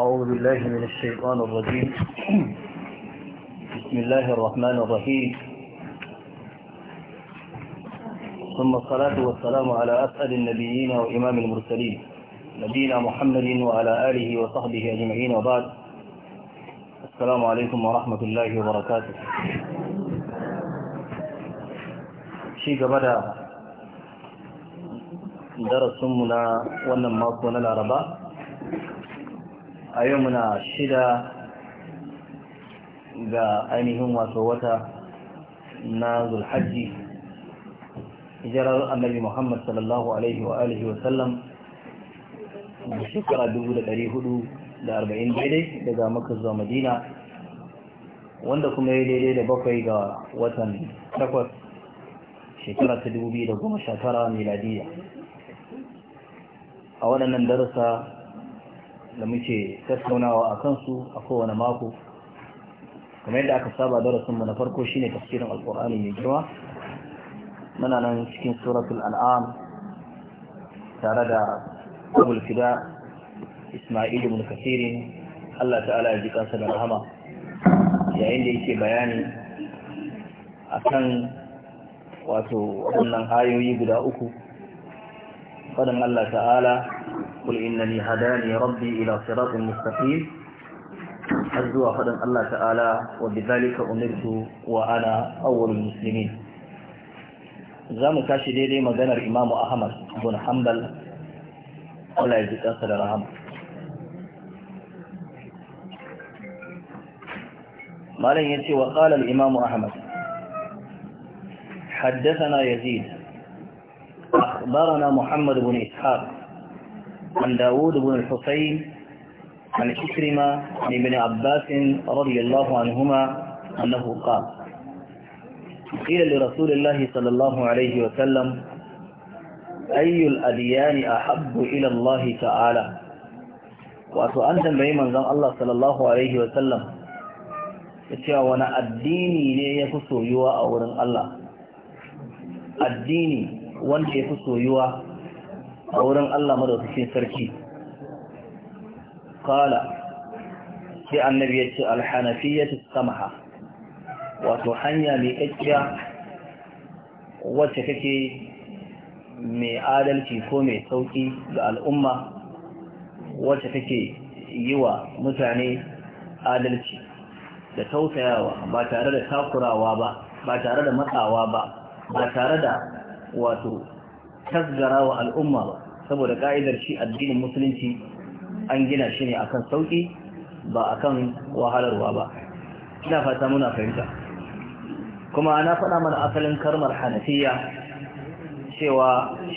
أعوذ بالله من الشيطان الرجيم بسم الله الرحمن الرحيم ثم الصلاة والسلام على أسأل النبيين وإمام المرسلين نبينا محمد وعلى آله وصحبه أجمعين وبعد السلام عليكم ورحمة الله وبركاته شيء بدأ درس منا ونماط العربات a yau muna shida ga ainihin wato wata na zulhajji hijirar annabi muhammad sallallahu alaihi wa alihi wa sallam da shekara arba'in daidai daga maka zuwa madina wanda kuma ya daidai da bakwai ga watan takwas shekara ta 2019 miladiya a waɗannan darasa da muke tattaunawa a kansu a kowane mako kamar yadda aka saba darasinmu na farko shine tafsirin alkur'ani mai girma muna nan cikin suratul an'am tare da abul fida isma'il ibn kasirin Allah ta'ala ya ji kansa da rahama yayin da yake bayani akan wato wannan hayoyi guda uku faɗin Allah ta'ala قل إنني هداني ربي إلى صراط مستقيم حزوا أحدا الله تعالى وبذلك أمرت وأنا أول المسلمين زام كاشي ديدي مغانا الإمام أحمد بن حنبل ولا يجد أسر رحمه لن يتي وقال الإمام أحمد حدثنا يزيد أخبرنا محمد بن إسحاق عن داود بن الحسين عن إكرمة عن ابن عباس رضي الله عنهما أنه قال قيل لرسول الله صلى الله عليه وسلم أي الأديان أحب إلى الله تعالى وأتؤنتم بأيما زم الله صلى الله عليه وسلم يتشعى وانا الديني ليه يكسو يوا أولا الله الديني وان يكسو يوا a wurin Allah madaukakin sarki kala sai annabi ya ce alhanafiyatu samaha wato hanya mai kakkiya wacce kake mai adalci ko mai sauki ga al'umma wacce take yi wa mutane adalci da tausayawa ba tare da takurawa ba ba tare da matsawa ba ba tare da wato tasgara wa al'umma ba saboda ka'idar shi addinin musulunci an gina shi ne akan sauki ba akan wahalarwa ba ina fata muna fahimta kuma ana faɗa mana asalin karmar hanafiya cewa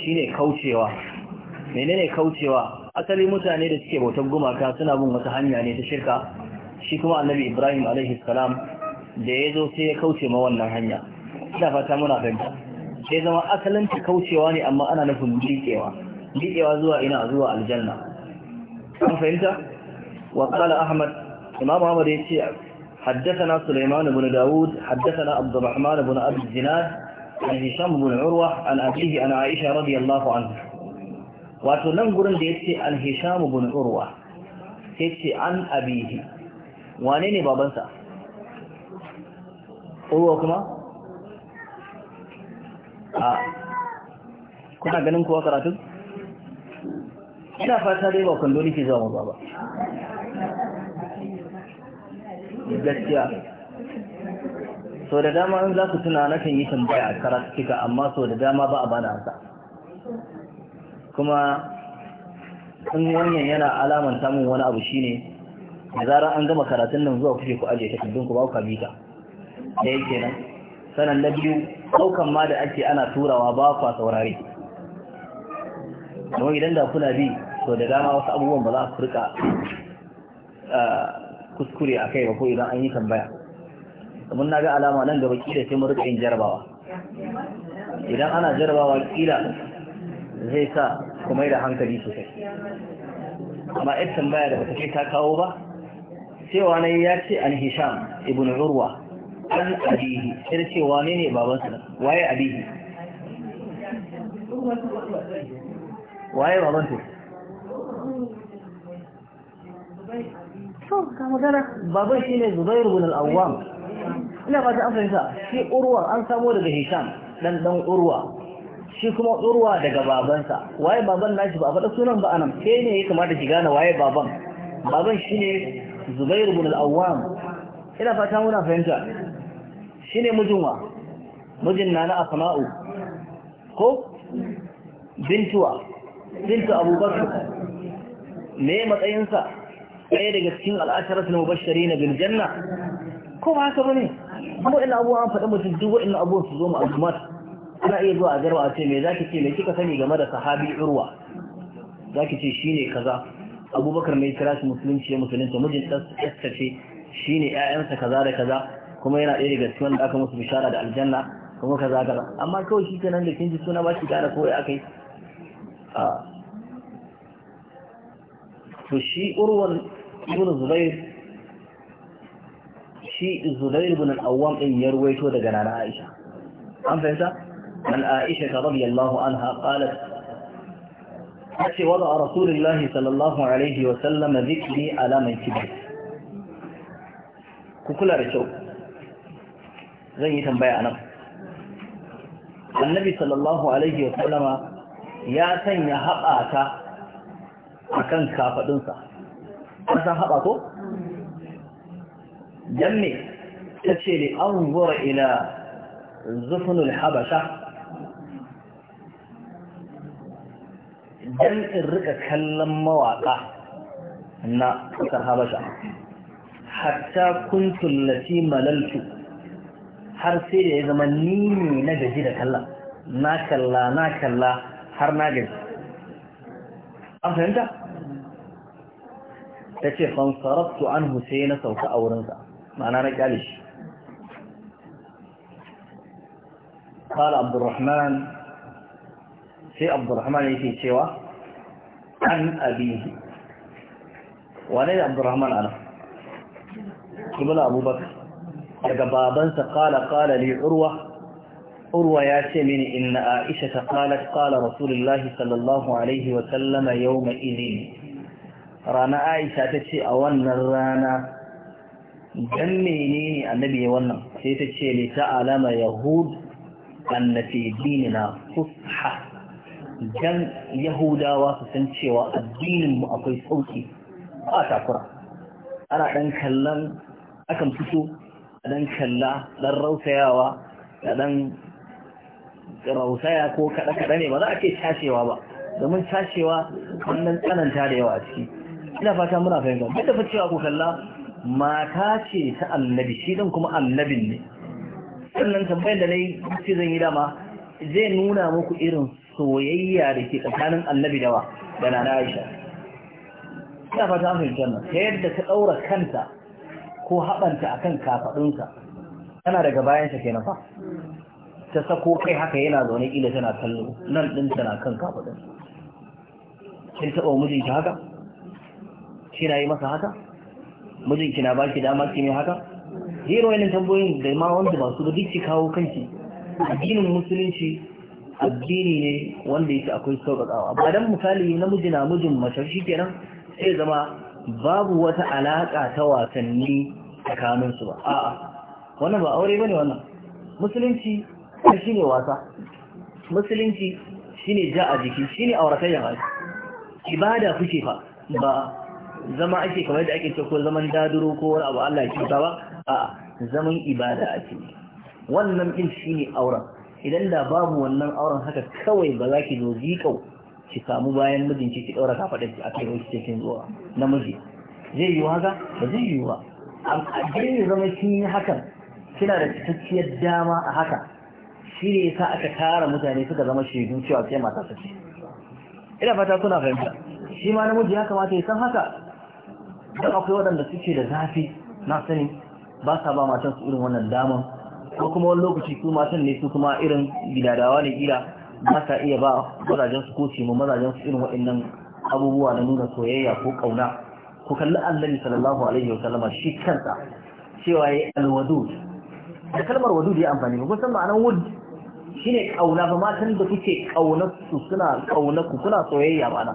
shine kaucewa menene kaucewa asali mutane da suke bautar gumaka suna bin wata hanya ne ta shirka shi kuma annabi ibrahim alaihi salam da ya zo sai ya kauce ma wannan hanya ina fata muna fahimta sai zama asalin ta kaucewa ne amma ana nufin miƙewa miƙewa zuwa ina zuwa aljanna an fahimta wa qala ahmad imam ahmad ya ce حدثنا سليمان بن داود حدثنا عبد الرحمن بن أبي الزناد عن هشام بن عروة عن أبيه عن عائشة رضي الله wato nan gurin da ya ce an hishamu bin urwa sai ce an abihi wane babansa kuma a kuna ganin kuwa karatun ina fata dai ba kwandoni ke zama maza ba gaskiya so da dama in za ku tuna na kan yi tambaya a karatuka amma so da dama ba a bada hasa kuma in wannan yana alaman samun wani abu shine da zarar an gama karatun nan zuwa kuke ku ajiye takardun ku ba ku kabita da yake nan sanan na biyu ɗaukan ma da ake ana turawa ba kwa saurare don idan da kuna bi to da dama wasu abubuwan ba za su rika kuskure a kai ba ko idan an yi tambaya mun na ga alama nan gaba kila sai mu rika yin jarabawa idan ana jarabawa kila zai sa ku da hankali sosai amma ita tambaya da ba ta kai ta kawo ba cewa na ya ce an hisham ibn urwa an abihi sai da ce wane ne babansa waye abihi waye babansa to ka magana baban shi ne zubairu bin al'awwam ina ba ta amfani shi urwa an samo daga hisham dan dan urwa shi kuma urwa daga babansa waye baban nashi ba a faɗa sunan ba anan sai ne ya kamata ki gane waye baban baban shine Zubairu ibn al-Awwam ina fata muna fahimta shine mijin wa mijin na na asma'u ko bintuwa bintu abubakar me matsayinsa ɗaya daga cikin al'ashar al'asharar na mubashari na biljanna ko ba haka bane kuma ina abuwa an faɗi mutum duk waɗannan abubuwan su zo mu al'ummar ana iya zuwa a garba a ce me zaki ce me kika sani game da sahabi urwa ki ce shi ne kaza abubakar mai kira shi musulunci ya musulunta mijin ɗansa ce ne ƴaƴansa kaza da kaza kuma yana ɗaya daga cikin wanda aka musu bishara da aljanna kuma kaza kaza amma kawai shi kenan da kin ji suna ba shi gane ko ya akai a to shi urwan ibn zubair shi zubair ibn al-awwam din ya ruwaito daga nana aisha an fahimta an aisha ta radiyallahu anha qalat tace wada rasulullahi sallallahu alaihi wa sallam dhikri ala man kibri ku kula da zan yi tambaya anan annabi sallallahu alaihi wa sallama ya sanya haɓata akan kafadunsa an san haɓa ko dan me tace li anzura ila zufunul habasha dan in rika kallon mawaƙa na ƙasar habasha hatta kuntun lati malaltu har sai da ya zama ni ne na gaji da kalla na kalla na kalla har na gaji an fahimta ta ce fansaraftu an sai na sauka a wurinsa ma'ana na kyale shi قال عبد الرحمن sai abdurrahman yake cewa an abihi wane da abdurrahman ana kibla abubakar daga babansa qala qala li urwa urwa ya ce mini inna aisha ta qalat qala rasulullahi sallallahu alaihi wa sallama yawma idin rana aisha ta ce a wannan rana dan ne annabi ya wannan sai ta ce li ta'alama yahud annafi dinina fusha dan yahudawa su san cewa addinin mu akwai sauki ba takura ana dan kallon akan fito dan kalla dan rausayawa da dan rausaya ko kada kada ne ba za a ce tashewa ba domin tashewa wannan tsananta da yawa a ciki ina fata muna fahimta duk da cewa ku kalla mata ce ta annabi shi din kuma annabin ne sannan tambayar da nayi ce zan yi dama zai nuna muku irin soyayya da ke tsakanin annabi da wa, da nana Aisha ina fata mun fahimta nan ta yadda ta ɗaura kanta Ko haɓanta a kan kafaɗunsa tana daga bayansa kenan fa ta sako kai haka yana zaune ila tana kallo nan ɗin tana kan kafaɗin kin taɓa mijinki haka kina yi masa haka mijinki na baki dama ki mai haka zero yanin tambayoyin da ma wanda ba su da duk kawo kanki addinin musulunci addini ne wanda yake akwai sauƙaƙawa ba dan misali namiji na mijin mace shi kenan sai zama babu wata alaƙa ta wasanni tsakaninsu ba a'a wannan ba aure bane wannan musulunci shi ne wasa musulunci shi ne ja a jiki shi ne auratayya ba ibada kuke fa ba zama ake kamar da ake ce ko zaman daduro ko wani abu Allah ya kyauta ba a'a zaman ibada a ce wannan din shi ne auren idan da babu wannan auren haka kawai ba za ki zo zikau ki samu bayan mijinki ki daura kafaɗar shi a kai wani cikin zuwa namiji zai yiwu haka ba zai yiwu ba addini zama sun yi hakan kina da cikakkiyar dama a haka shi ne yasa aka tara mutane suka zama shaidu cewa sai mata su ce ina fata kuna fahimta shi ma namiji ya kamata ya san haka don akwai waɗanda suke da zafi na sani ba sa ba matan su irin wannan daman ko kuma wani lokaci su matan ne su kuma irin gidadawa ne kila ba sa iya ba mazajen su ko ce mazajen su irin waɗannan abubuwa na nuna soyayya ko ƙauna ku kalli annabi sallallahu alaihi wa sallama shi Kanta, cewa yayi alwadud da kalmar wadud ya amfani ba kusan ma'anar wud shine kauna ba matan da kuke kauna su suna kauna ku kuna soyayya ba na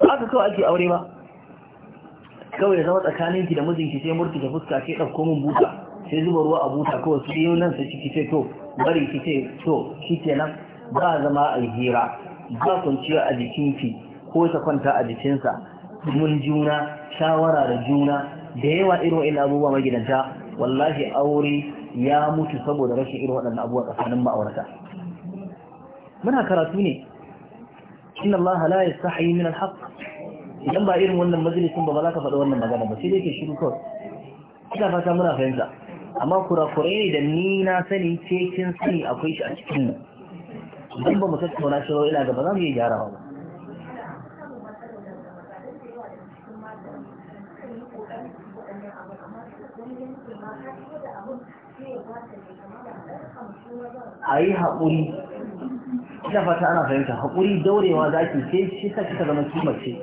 haka kawai ake aure ba kawai ya zama tsakaninki da mijinki sai da fuska sai dauko mun buta sai zuba ruwa a buta kawai su yi nan sai ciki ce to bari ki ce to shi ba zama a hira ba kwanciya a jikinki ko ta kwanta a jikinsa mun juna shawara da juna da yawa irin wa'in abubuwa magidanta wallahi aure ya mutu saboda rashin irin waɗannan abubuwa tsakanin ma'aurata muna karatu ne inna Allah la yastahi min al-haqq idan ba irin wannan majalisin ba ba za ka faɗi wannan magana ba sai dai ke shiru kawai ina fata muna fahimta amma kurakurai ne da ni na sani ce sani akwai shi a cikin mu idan ba mu tattauna shi ina ga ba za mu yi gyarawa ba a yi haƙuri ina fata ana fahimta haƙuri daurewa za ki ce shi sa kika zama kimace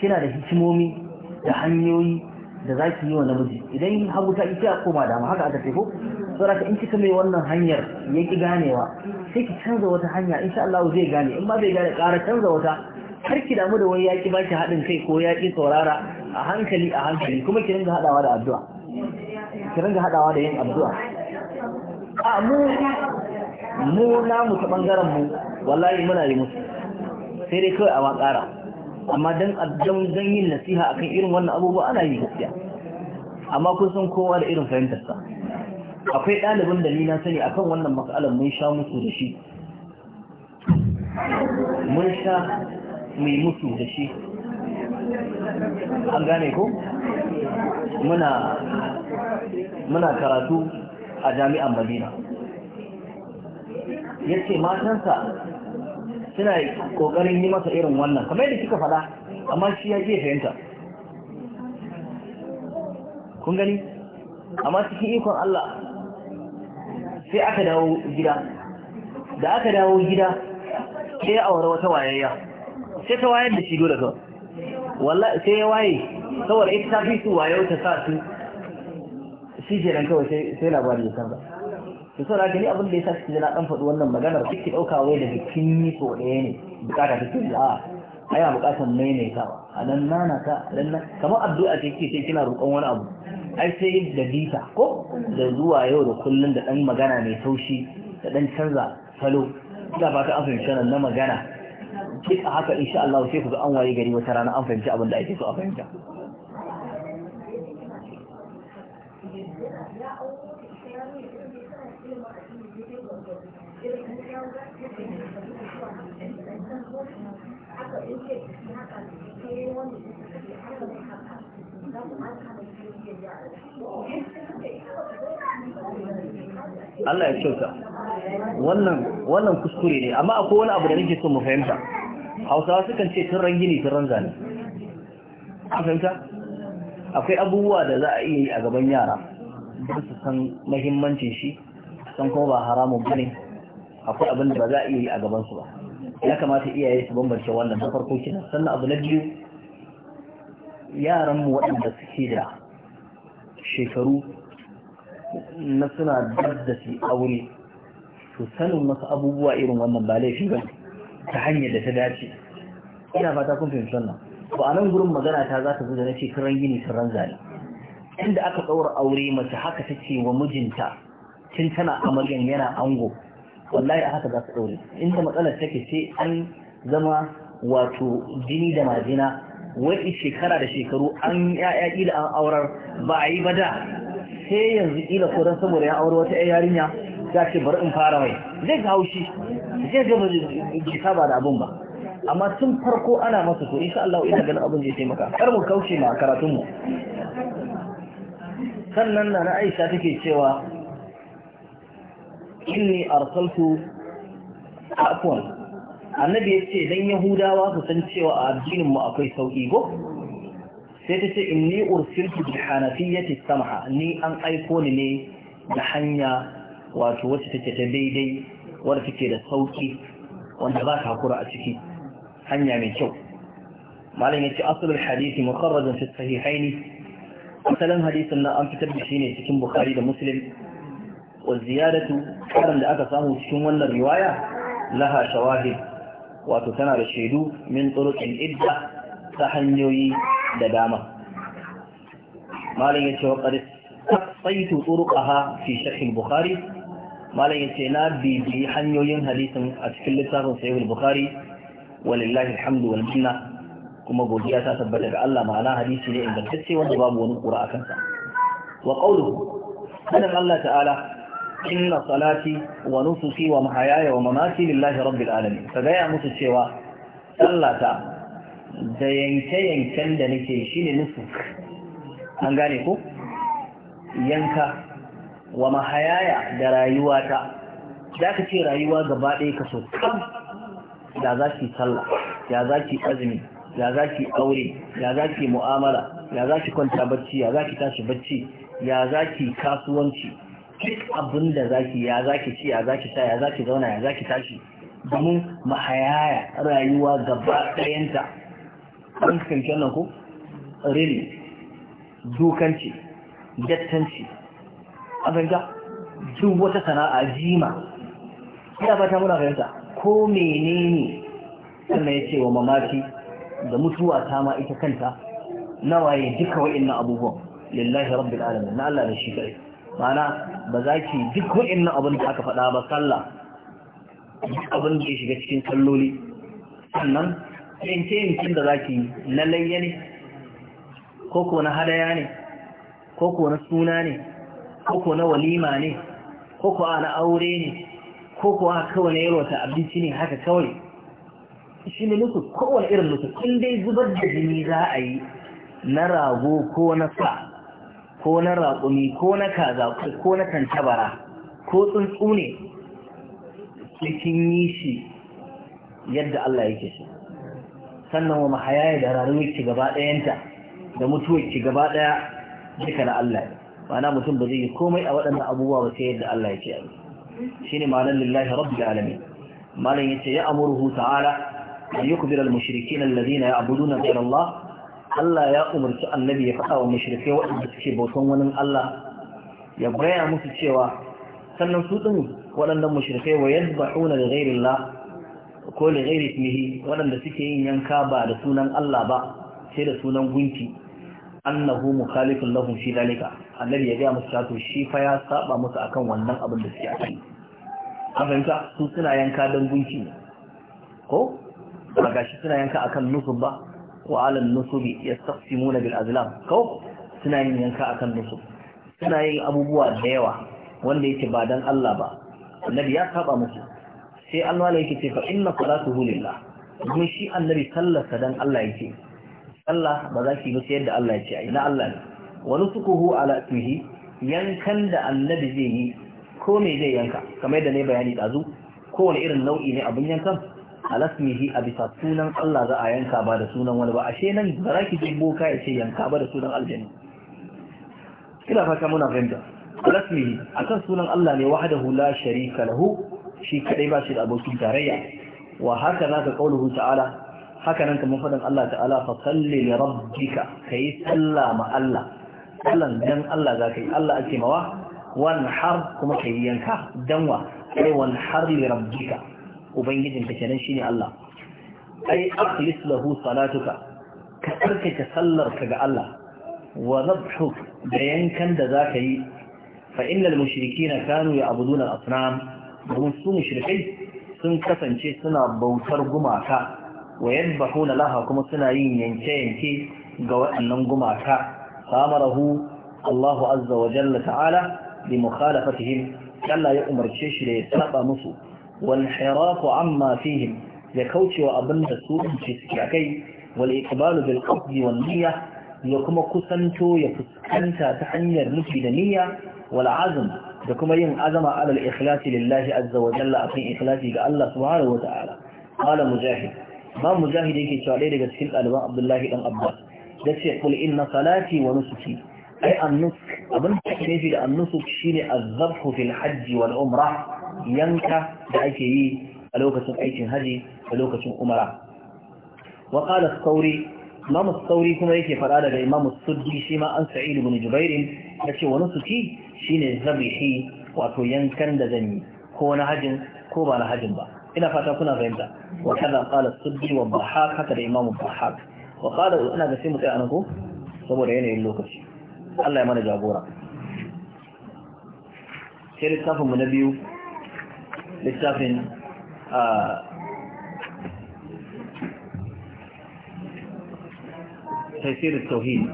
kina da hikimomi da hanyoyi da za ki yi wa namiji idan hagu ta ita koma dama haka aka ko saboda in kika mai wannan hanyar ya ki ganewa sai ki canza wata hanya insha Allah zai gane in ba zai gane ƙara canza wata har ki damu da wani ya ki baki haɗin kai ko ya ki saurara a hankali a hankali kuma ki ringa haɗawa da addu'a ki ringa haɗawa da yin addu'a a mu mu namu ta ɓangaren mu wallahi muna yi musu sai dai kawai a ma amma dan addan dan yin nasiha akan irin wannan abubuwa ana yi gaskiya amma kun san kowa da irin fahimtarsa akwai ɗalibin da ni na sani akan wannan matsalar mun sha musu da shi mun sha mai musu da shi an gane ko muna karatu a jami'an madina ya ce matansa suna ƙoƙarin yi masa irin wannan kamar yadda kika faɗa amma shi ya je fahimta kun gani amma cikin ikon Allah sai aka dawo gida da aka dawo gida sai ya aure wata wayayya sai ta wayar da shi dole ka wallahi sai ya waye saboda ita ta fi su wayo ta sa su shi kenan kawai sai labari ya canza to so da gani abin da ya sa shi, na ɗan faɗi wannan maganar da. ki ɗauka wai da bikin yi ko ɗaya ne bukata ta kiri a ai a bukatar maimaitawa a nan nana ka a nan kamar addu'a ce ce kina roƙon wani abu ai sai da bita ko da zuwa yau da kullun da dan magana mai taushi da ɗan canza salo ina fata an fahimci nan na magana duk a haka insha Allah sai ku ga an waye gari wata rana an fahimci abin da ake so a fahimta Allah ya kyauta wannan kuskure ne amma akwai wani abu da nake so mu fahimta hausawa sukan ce tun rangini tun ranzane a fahimta akwai abubuwa da za a iya yi a gaban yara don su san mahimmancin shi san kuma ba haramun bane akwai abin da ba za a iya yi a gaban su ba ya kamata iyaye su bambance wannan na farko kina sannan abu na biyu yaran mu waɗanda suke da shekaru na suna dab da su aure su sanin wasu abubuwa irin wannan ba laifi ba ta hanyar da ta dace ina fata kun fahimci wannan to a nan gurin magana ta za ta zo da na ce kiran gini kiran zane inda aka ɗaura aure mace haka ta ce wa mijinta tun tana amaryan yana ango wallahi a haka za su ɗaure inda matsalar take ce an zama wato jini da majina wani shekara da shekaru an ya'ya ila an aurar ba a yi ba da sai yanzu ƙila ko don saboda ya aure wata 'yan yarinya za ce bari in fara mai zai ga haushi zai ga ba da abin ba amma tun farko ana masa to insha Allah ina ganin abin zai taimaka kar mu kaushe ma karatun mu sannan na Aisha take cewa inni arsaltu afwan annabi yace dan yahudawa su san cewa a addinin mu akwai sauki go sai ta ce inni ursiltu bi hanafiyyati samha ni an aiko ni ne da hanya wato wacce take ta daidai wanda take da sauki wanda ba ta hakura a ciki hanya mai kyau malam yace asalin hadisi mukharrajun fi sahihain asalin hadisin na an fitar da shi ne cikin bukhari da muslim wa ziyadatu karan da aka samu cikin wannan riwaya laha shawahid wato tana da shaidu min turuqin idda ta hanyoyi da dama malam ce wa qad saitu turuqaha fi sharh bukhari malam yace na bibi hanyoyin hadisin a cikin littafin sahih al-bukhari walillahi alhamdu wal minna kuma godiya ta tabbata ga Allah ma'ana hadisi ne ingantacce wanda babu wani kura a kansa wa qawluhu sanan Allah ta'ala inna salati wa nusuki wa mahayaya wa mamati lillahi rabbil alamin ka gaya musu cewa sallata da yanke yanken da nake shine nusuk an gane ko yanka wa mahayaya da rayuwata za ka ce rayuwa gaba ɗaya ka so ya za ki sallah ya za ki azumi ya za ki aure ya za ki mu'amala ya za ki kwanta bacci ya za ki tashi bacci ya za ki kasuwanci duk abin da za ki ya za ki ci ya za ki sha ya za ki zauna ya za ki tashi domin mahayaya rayuwa gaba ɗayanta an fahimci nan ko rili dukanci dattanci a fahimta duk wata sana'a jima ina fata muna fahimta ko menene sannan ya ce wa mamaki da mutuwa ta ma ita kanta Na waye duka wa'innan abubuwan lillahi rabbil alamin na Allah da shi kai mana ba za ki duk wa'innan abin da aka faɗa ba sallah duk abin da ya shiga cikin kalloli. sannan yanke yankin da za ki na layya ne ko ko na hadaya ne ko ko na suna ne ko ko na walima ne ko ko na aure ne ko kuwa kawai na yalwata abinci ne haka kawai shi ne nufin kowane irin nufin in dai zubar da jini za a yi na rago ko na sa ko na raƙumi ko na kaza ko na tantabara ko tsuntsu ne cikin yi shi yadda Allah yake shi sannan wa mahayaya da rarruwarki gaba ɗayanta da mutuwarki gaba ɗaya duka na Allah Ba ma'ana mutum ba zai yi komai a waɗannan abubuwa ba sai yadda Allah yake yi shine ma'anar lillahi rabbil alamin malam yace ya amuruhu ta'ala an yukbir al mushrikin alladhina ya'buduna ghayra Allah Allah ya umarci annabi ya faɗa wa mushrikai waɗanda suke bautan wani Allah ya gaya musu cewa sannan su din waɗannan mushrikai wa ko waɗanda suke yin yanka ba da sunan Allah ba sai da sunan gunki annahu mukhalifun lahum fi dalika annabi ya gaya musu cewa shi fa ya saba musu akan wannan abin da suke yi. an fahimta su suna yanka don gunki ne ko ba gashi suna yanka akan nusub ba wa alal nusubi yastaqsimuna bil azlam ko suna yin yanka akan nusub suna yin abubuwa da yawa wanda yake ba dan Allah ba annabi ya saba musu sai Allah ne yake ce fa inna salatuhu lillah kuma shi annabi sallarsa dan Allah yake Allah ba za ki yi ba sai yadda Allah ya ce ai na Allah ne wani sukuhu ala tuhi yankan da annabi zai yi ko me zai yanka kamar yadda ne bayani ko kowane irin nau'i ne abin yankan alasmihi a bisa sunan Allah za a yanka ba da sunan wani ba ashe nan ba za ki je boka ya ce yanka ba da sunan aljani kina kaka muna fahimta alasmihi akan sunan Allah ne wahdahu la sharika lahu shi kadai ba shi da abokin tarayya wa haka ka qauluhu ta'ala haka nan kamar fadan Allah ta'ala fa salli li rabbika kai ma Allah sallan dan Allah za yi Allah ake mawa wan har kuma ka yi yanka danwa Ai wan har li rabbika ubangijin ka kenan shine Allah ai akhlis lahu salatuka ka tsarkake sallar ka ga Allah wa da yankan da za ka yi fa innal na kanu ya'buduna al-asnam domin su mushrikai sun kasance suna bautar gumaka wa yadbahuna laha kuma suna yin yanke-yanke ga waɗannan gumaka فأمره الله عز وجل تعالى بمخالفتهم كلا يؤمر الشيش ليتنبى مصر والانحراف عما فيهم يكوتي وأبن السوء في والإقبال بالقصد والنية يكما كسنتو يفسكنت تحنير نفي دنية والعزم يكما ين عزم على الإخلاص لله عز وجل أفين إخلاصي لله سبحانه وتعالى قال مجاهد ما مجاهد يكي شعليه لك سكين ألوان عبد الله بن عباس dace ce kul inna salati wa nusuki ai annus abin da ake nufi da annusuk shine azzabhu fil hajji wal umra yanka da ake yi a lokacin aikin haji a lokacin umara wa qala sauri imam sauri kuma yake fara daga imam suddi shi ma an sa'id ibn jubair yace wa nusuki shine zabihi wato yankan da zan yi ko na hajin ko ba na hajin ba ina fata kuna fahimta wa kaza qala suddi wa bahaq haka da imam bahaq wa qala ina ga sai mu tsaya anan ko saboda yanayin lokaci Allah ya mana jagora sai littafin mu na biyu littafin a tafsir tauhid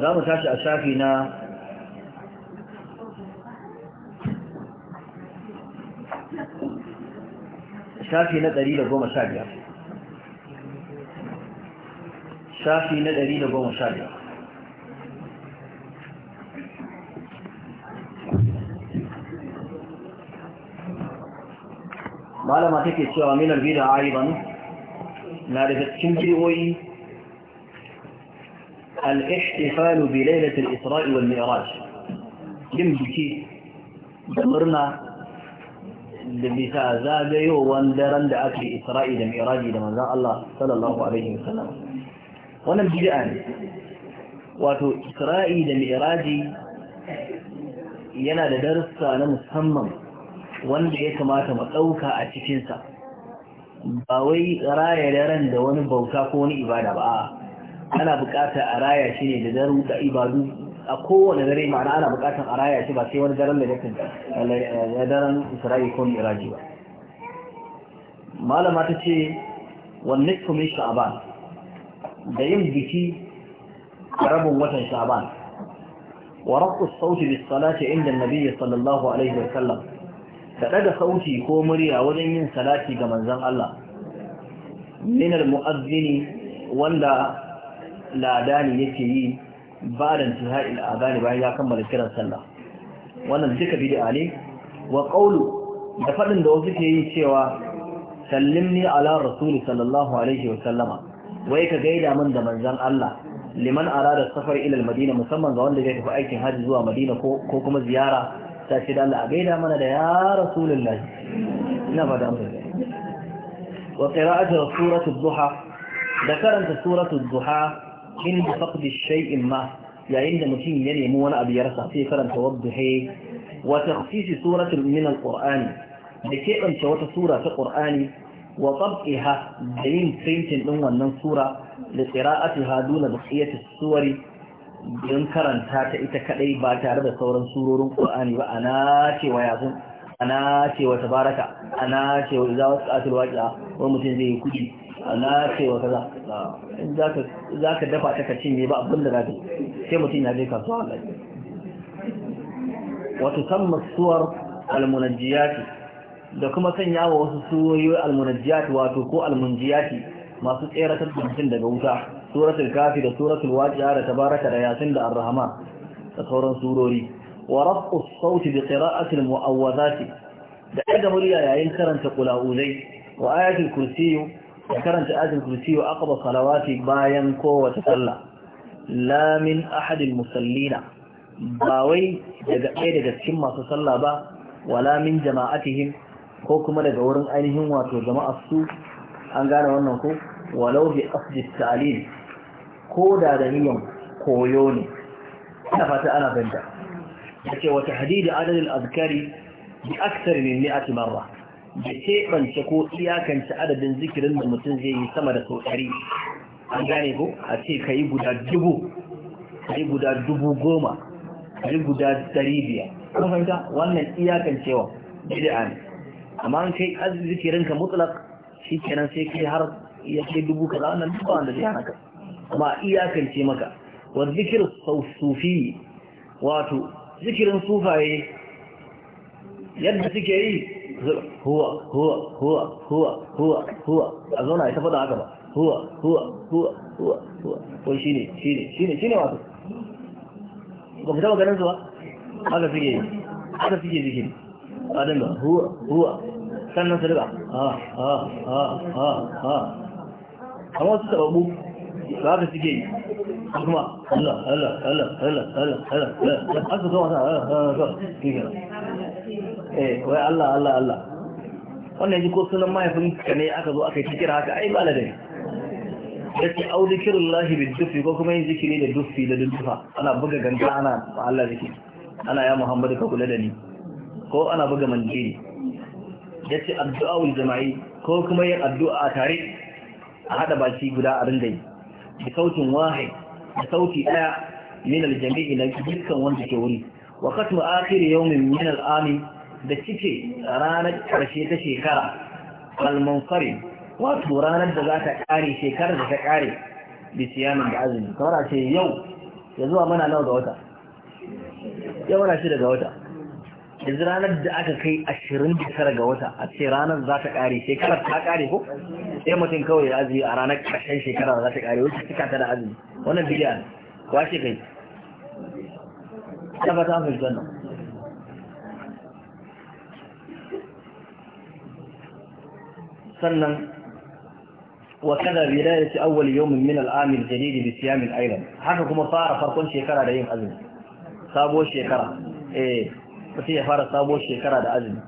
za mu tashi a shafi na شافي ندري لقوم شاديا شافي ندري لقوم شابيا مالا ما تكي سوى من البيضة عائبا نعرف التنجيوي الاحتفال بليلة الإسراء والمعراج كي دمرنا da bisa zagayowar daren da aka yi isra'i da miraji da manzan Allah sallallahu alaihi wasallam wannan bid'a ne wato isra'i da miraji yana da darussa na musamman wanda ya kamata mu ɗauka a cikinsa ba wai raya daren da wani bauta ko wani ibada ba ana bukata a raya shi ne da daru da ibadu a kowane dare ma'ana ana bukatar a raya shi ba sai wani daren da ya eh, eh, daren isra'i ko miraji ba malama ta ce Wani kumin sha'aban da yin biki a rabin watan sha'aban wa rakus sauti bis salati inda nabi sallallahu alaihi wa sallam da daga sauti ko murya wajen yin salati ga manzon Allah min al-mu'azzini wanda ladani yake yi ba da intihai al'adani bayan ya kammala kiran sallah wannan duka bid'a ne wa qawlu da fadin da wasu ke yi cewa sallimni ala rasuli sallallahu alaihi wa sallama wai ka gaida min da manzon Allah liman arada safar ila madina musamman ga wanda zai tafi aikin haji zuwa madina ko ko kuma ziyara ta ce da Allah a gaida mana da ya rasulullahi ina fada mu wa qira'atu suratu duha da karanta suratu duha inda faqdi shai'in ma yayin da mutum ya nemi wani abu ya rasa sai karanta he wa takhsis suratin min alqur'ani da keɓance wata sura ta qur'ani wa tabqiha da yin printing din wannan sura da qira'atiha duna baqiyati suwari don karanta ta ita kadai ba tare da sauran surorin qur'ani ba ana cewa yazun ana cewa tabaraka ana cewa idza wasqatil waqi'a wani mutum zai yi kuɗi na ce wa kaza ah, in za ka dafa ta ka cinye ba abin da za sai mutum ya je kasuwa a wato san masuwar almunajiyati da kuma sanya wa wasu suwoyi almunajiyati wato ko almunjiyati masu tseratar da mutum daga wuta suratul kafi da suratul waqi'a da tabaraka da yasin da arrahman da sauran surori wa raf'u sauti bi qira'ati almu'awwadhati da ga murya yayin karanta qula'uzai wa ayatul kursiyyu ya karanta ajin kursi wa aqba salawati bayan kowace sallah lamin ahadin musallina ba wai daga ɗaya daga cikin masu sallah ba wala min jama'atihim ko kuma daga wurin ainihin wato jama'a su an gane wannan ko walau bi asjid ta'lim ko da da niyan koyo ne ina fata ana fahimta yace wa tahdid adad al-azkari bi akthar min a marra da keɓance ko iyakance adadin zikirin da mutum zai yi sama da sau ɗari an gane ko a ce ka yi guda dubu ka yi guda dubu goma ka yi guda ɗari biyar kuma fahimta wannan iyakancewa bid'a ne amma an kai zikirin ka mutlak shi kenan sai kai har ya kai dubu kaza wannan duka wanda zai hana ka amma iyakance maka wa zikir sufi wato zikirin sufaye yadda suke yi huwa huwa huwa huwa huwa huwa a zauna ya haka ba huwa huwa huwa huwa huwa shine shine shine shine wato ba ku taɓa ganin su ba haka suke yi haka suke zikiri a dinga huwa huwa sannan su riga a ah, a ah, a ah, a a su taɓa to ka suke yi kuma Allah Allah Allah Allah Allah Allah Allah aka zo wata Allah Allah eh wai Allah Allah Allah wannan ji ko sunan mahaifin ka ne aka zo aka yi kira haka ai ba ladai yace au zikrullahi bil dufi ko kuma yin zikiri da dufi da dufa ana buga ganga ana Allah zikiri ana ya Muhammadu ka kula da ni ko ana buga manjiri yace addu'a ul jama'i ko kuma yin addu'a tare a haɗa baki guda a ringa yi bi sautin wahid da sauti daya min aljami'i na dukkan wanda ke wuri wa katmu akhir yawmin min da cike ranar karshe ta shekara al-munfarid ranar da za ta kare shekarar da ta kare bi siyamin da azumi kamar a ce yau ya zuwa mana nawa ga wata yanzu ranar da aka kai ashirin da tara ga wata a ce ranar za ta ƙare shekarar ta ƙare ko sai mutum kawai ya a ranar ƙarshen shekarar za ta ƙare wata cika ta da azumi wannan bidiya kwa shi kai ta fata mai zuwa sannan wa kada bidaya ci awwal yawmin min al-amil jadid bi siyam al-ayyam haka kuma fara farkon shekara da yin azumi sabo shekara eh mutum ya fara sabuwar shekara da azumi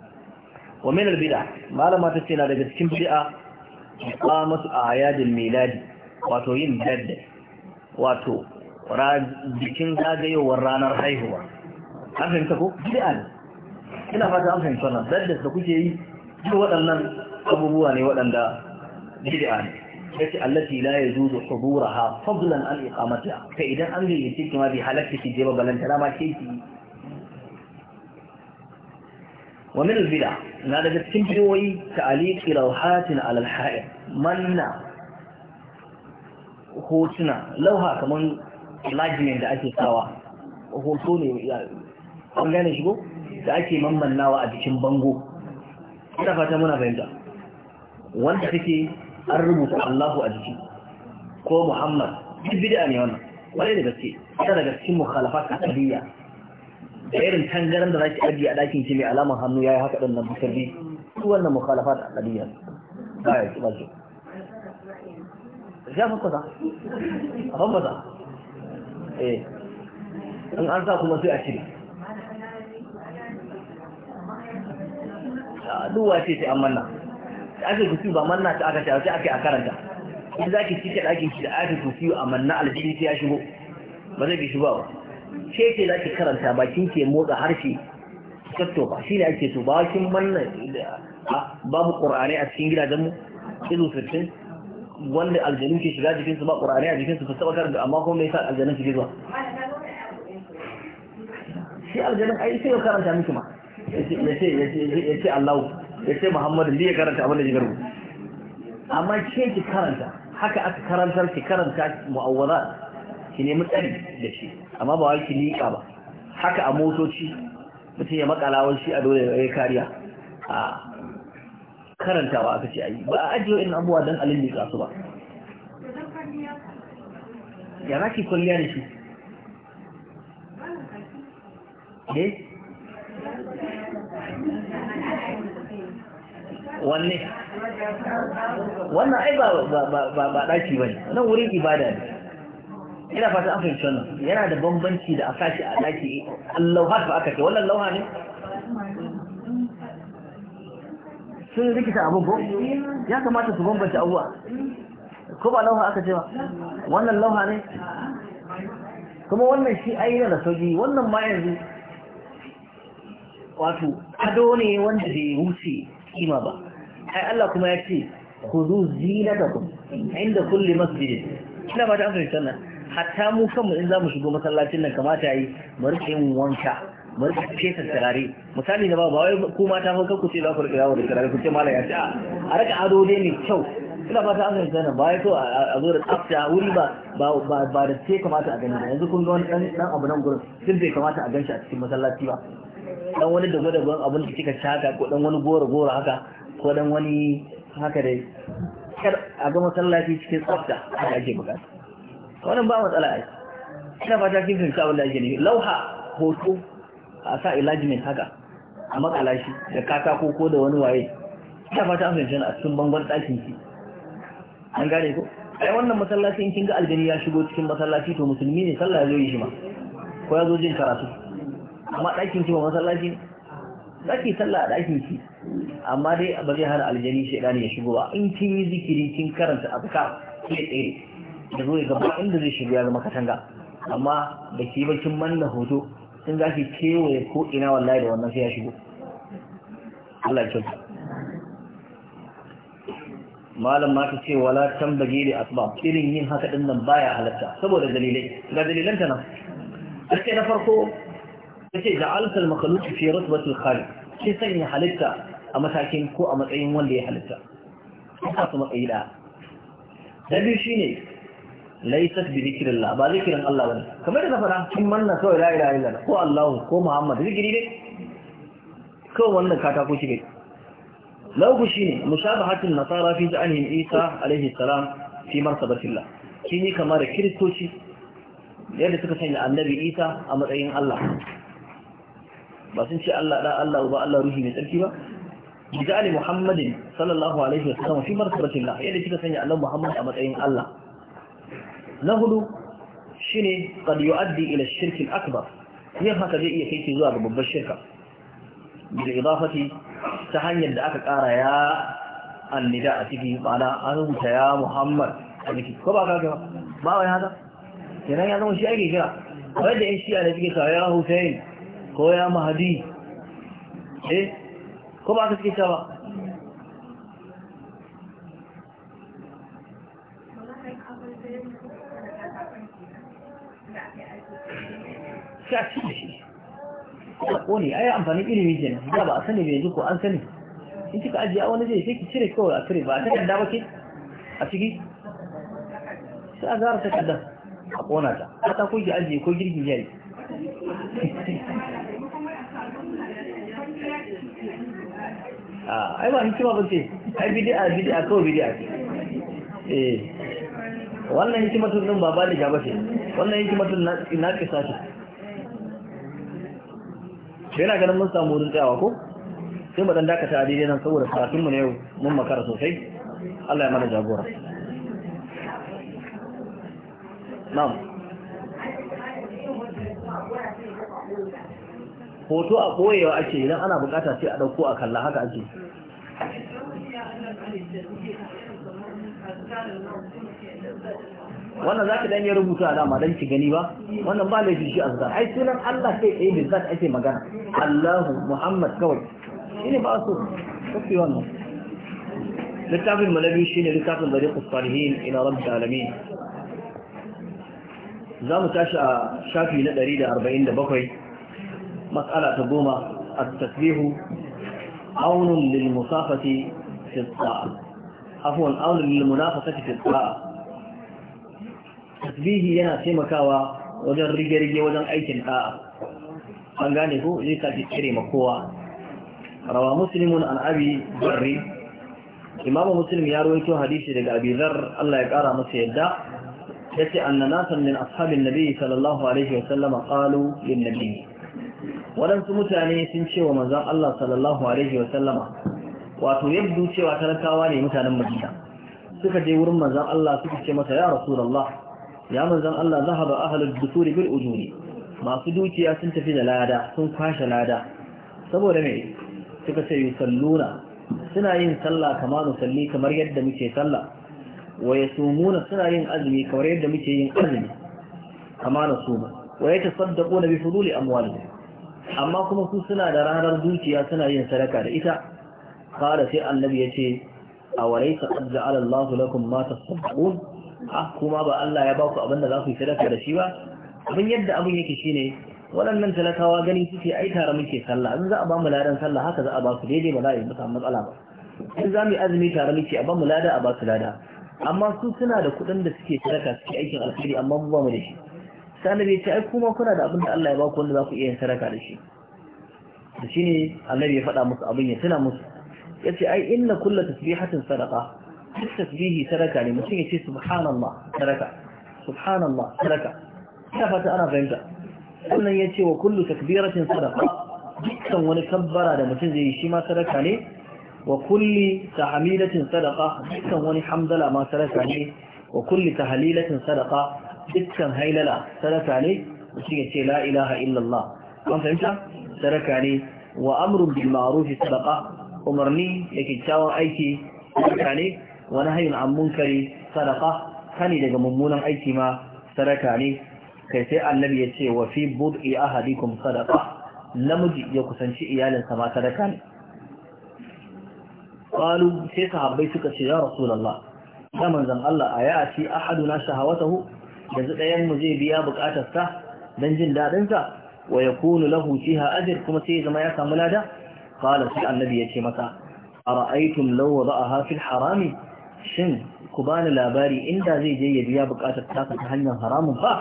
wa min albida malama ta ce na daga cikin bid'a iqamatu ayadil miladi wato yin birthday wato bikin zagayowar ranar haihuwa an fahimta ko bid'a ne ina fata an fahimta wannan birthday da kuke yi duk waɗannan abubuwa ne waɗanda bid'a ne yace allati la yajuzu huduraha fadlan an iqamatiha kai idan an gayyace ki ma bi halakki ki je ba balantana ma ke ki ومن البدع هذا التنبوي تعليق لوحات على الحائط منع hotuna lauha kamar lajimin da ake sawa hoto da ake mammannawa a jikin bango ina fata muna fahimta wanda take an rubuta Allahu a jiki ko Muhammad duk bid'a ne wannan kwarai da gaske ita daga cikin mukhalafat aqdiyya da irin tangaran da zaki ajiye a dakin shi mai alaman hannu yayi haka din nan bisirri su wannan mukhalafat aqdiyya ba ya ba ji ya fa kaza a fa kaza eh in an sa kuma sai a cire ah, duwa ce sai an manna da aka kusi ba manna ta aka aka ake a karanta in zaki ta dakin shi da aka kusi a manna aljini sai ya shigo ba zai shi ba ba Ce ce za ki karanta bakin ke motsa harshe kyatto ba shi ne ake so bakin manna babu qur'ani a cikin gidajen mu ido sittin wanda aljanu ke shiga jikinsu ba qur'ani a jikinsu ba taɓa karanta amma kuma mai sa aljanun su zuwa shi aljanun ai sai ya karanta miki ma ya ce Allahu ya ce Muhammadu zai karanta abin da ya garbu amma ke ki karanta haka aka karantar ki karanta mu'awwaza ki nemi tsari da shi amma ba wai liƙa ba haka a motoci mutum ya makalawar shi a dole ya kariya a karanta ba aka ce a yi ba a ajiye in abuwa don alin liƙa su ba ya na ke kwalliya da shi eh wanne wannan ai ba ɗaki ba ne nan wurin ibada ne ina fata an fahimci wannan yana da bambanci da a sashi a daki lauhat ba aka ce wannan lauha ne sun rikita abu ko ya kamata su bambanta abuwa ko ba lauha aka ce ba wannan lauha ne kuma wannan shi ai da sauki wannan ma yanzu wato ado ne wanda bai wuce kima ba ai Allah kuma ya ce khudhu zinatakum inda kulli masjid ina ba ta amfani sannan hatta mu kanmu in za mu shigo masallacin nan kamata yi mu rike yin wanka mu rike fesa turare misali na ba ba wai ku mata fa kanku ce za ku rika yawo da turare ku ce mala ya ce a rika ado dai mai kyau ina fata an san sana ba ya to a zo da tsafta wuri ba ba ba da ce kamata a gani ba yanzu kun ga wani dan dan abu nan gurin duk bai kamata a ganshi a cikin masallaci ba dan wani da gwada gwan abin da kika shaka ko dan wani goro goro haka ko dan wani haka dai kar a ga masallaci cikin tsafta haka ake bukata wannan ba matsala ai ina fata kin fahimci cewa Allah ya nufi lauha hoto a sa ilajiment haka a makala shi da katako ko da wani waye ina fata an fahimci a cikin bangon ɗakin shi an gane ko ai wannan masallaci in kin ga aljani ya shigo cikin masallaci to musulmi ne sallah ya zo yi shi ma ko ya zo jin karatu amma ɗakin shi ba masallaci zaki sallah a ɗakin shi amma dai ba zai hana aljani shaidani ya shigo ba in kin yi zikiri kin karanta azkar sai tsere da zo ya ba inda zai shiga ya zama katanga amma da ke bakin manna hoto sun za ki kewaye ko ina wallahi da wannan sai ya shigo Allah ya kyauta malam ma ta ce wala tambage da asbab irin yin haka din nan baya halatta saboda dalilai ga dalilan ta nan sai na farko tace ja'alta al-makhluq fi ratbati al-khaliq sai sanya halitta a matakin ko a matsayin wanda ya halitta haka su matsayi da dalil shine laysat bi zikrillah ba zikirin Allah bane kamar da fara kin manna kawai la ilaha illallah ko Allah ko Muhammad zikiri ne kawai wannan katako shi ne lauku shine musabahatul nasara fi ta'anhum Isa alaihi salam fi martabatillah shine kamar kiristoci yadda suka sanya annabi Isa a matsayin Allah ba sun ce Allah da Allah ba Allah ruhi mai tsarki ba bijali Muhammadin sallallahu alaihi wasallam fi martabatillah yadda suka sanya annabi Muhammad a matsayin Allah نهدو شنو قد يؤدي الى الشرك الاكبر هي هكا هي إيه كيف يزوا بباب الشركه بالاضافه تهني الدعاء كارا يا النداء تيجي بعد انت يا محمد انك كبا كا ما هو هذا كان يا نو شيء كده وين دي شيء على تيجي يا حسين كو يا مهدي ايه كبا كا تيجي sai a ci da shi kuma kone ai amfanin ilimi kenan da ba a sani bai ji ko an sani in kika ajiye a wani zai sai ki cire kawai a cire ba a takarda ba ke a ciki sai a gara takarda a kona ta a ta ko ki ajiye ko girgin yayi ah, ai ba hikima ba ce ai bi bid'a bid'a kawai bi ce eh wannan hikimatun din ba ba da gaba ce wannan hikimatun na kisa ce yana ganin mun samu wurin tsayawa ko sai mu dan dakata a daidai nan saboda karatun mu ne yau mun makara sosai Allah ya mana jagora na'am hoto a koyewa ake idan ana bukata sai a dauko a kalla haka ake wannan za ka dan ya rubuta alama don ki gani ba wannan ba laifi shi azza ai sunan Allah sai tsaye da zat ake magana Allahu Muhammad kawai shine ba su, kafi wannan littafin Malami shi ne littafin bariqus salihin ila da alamin za mu tashi a shafi na 147 mas'ala ta goma التسبيح عون للمصافة في الطاعة عفوا عون للمنافسة في الطاعة tasbihi yana taimakawa wajen rige-rige wajen aikin da'a an gane ko zai kafi tsere ma kowa rawa muslimun an abi barri imamu muslim ya rawaito hadisi daga abi zar Allah ya kara masa yadda yace annana nasan min ashabin nabi sallallahu alaihi wa sallam qalu lin nabi wadansu mutane sun ce wa manzon Allah sallallahu alaihi wa sallama wato yabdu cewa talakawa ne mutanen Madina suka je wurin manzon Allah suka ce masa ya rasulullah ya manzan Allah zahaba ahlul dusuri bil ujuri masu dukiya sun tafi da lada sun kwashe lada saboda mai suka ce yusalluna suna yin sallah kama musalli kamar yadda muke sallah wa yasumuna suna yin azumi kamar yadda muke yin azumi kama nasuma wa yatasaddaquna bi fuduli amwalihim amma kuma su suna da ranar dukiya suna yin sadaka da ita kada sai annabi ya ce a warai ka qad ja'ala Allahu lakum ma tasaddaqun a kuma ba Allah ya baku abin da za ku yi sadaka da shi ba abin yadda abin yake shine waɗannan talakawa gani suke ai tare muke sallah in za a ba mu ladan sallah haka za a ba su daidai ba za a yi musu matsala ba in za mu azumi tare muke a ba mu lada a ba su lada amma su suna da kuɗin da suke sadaka suke aikin alkhairi amma mu ba mu da shi sai ya ce ai kuma kuna da abin da Allah ya baku wanda za ku iya yin sadaka da shi da shine annabi ya faɗa musu abin ya tuna musu Ya ce ai inna kullu tasbihatin sadaqa duk tasbihi sadaka ne mutum ya ce subhanallah sadaka subhanallah sadaka ina fata ana fahimta wannan ya ce wa kullu takbiratin sadaka dukkan wani kabbara da mutum zai yi shi ma sadaka ne wa kulli tahmidatin sadaka dukkan wani hamdala ma sadaka ne wa kulli tahlilatin sadaka dukkan hailala sadaka ne mutum ya ce la ilaha illallah an fahimta sadaka ne wa amrun bil ma'ruf sadaqa umarni da kyakkyawan aiki sadaka ne wani hayin an munkari sadaka kani daga mummunan aiki ma sadaka ne kai sai annabi ya ce wa fi bud'i ahadikum sadaka namiji ya kusanci iyalinsa ma sadaka ne qalu sai sahabbai suka ce ya rasulullah ya manzan Allah a ya'ati shahawa shahawatahu yanzu ɗayan mu zai biya bukatarsa dan jin daɗinsa sa wa kunu lahu fiha ajr kuma sai zama ya samu lada qala sai annabi ya ce masa ara'aytum law a fil harami shin ku bani labari inda zai je ya biya bukatar taka ta hanyar haramun ba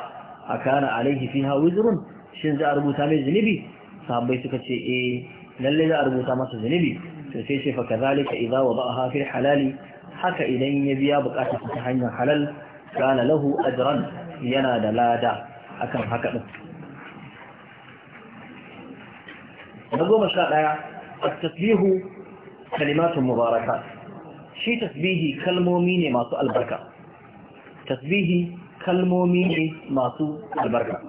a kana alaihi fiha wizrun shin za a rubuta mai zunubi sahabbai suka ce eh lalle za a rubuta masa zunubi to sai ce fa kazalika idza wada'aha fil halali haka idan ya biya bukatar ta hanyar halal kana lahu ajran yana da lada akan haka din na goma sha ɗaya at-tasbihu kalimatun mubarakat shi tasbihi kalmomi ne masu albarka tasbihi kalmomi ne masu albarka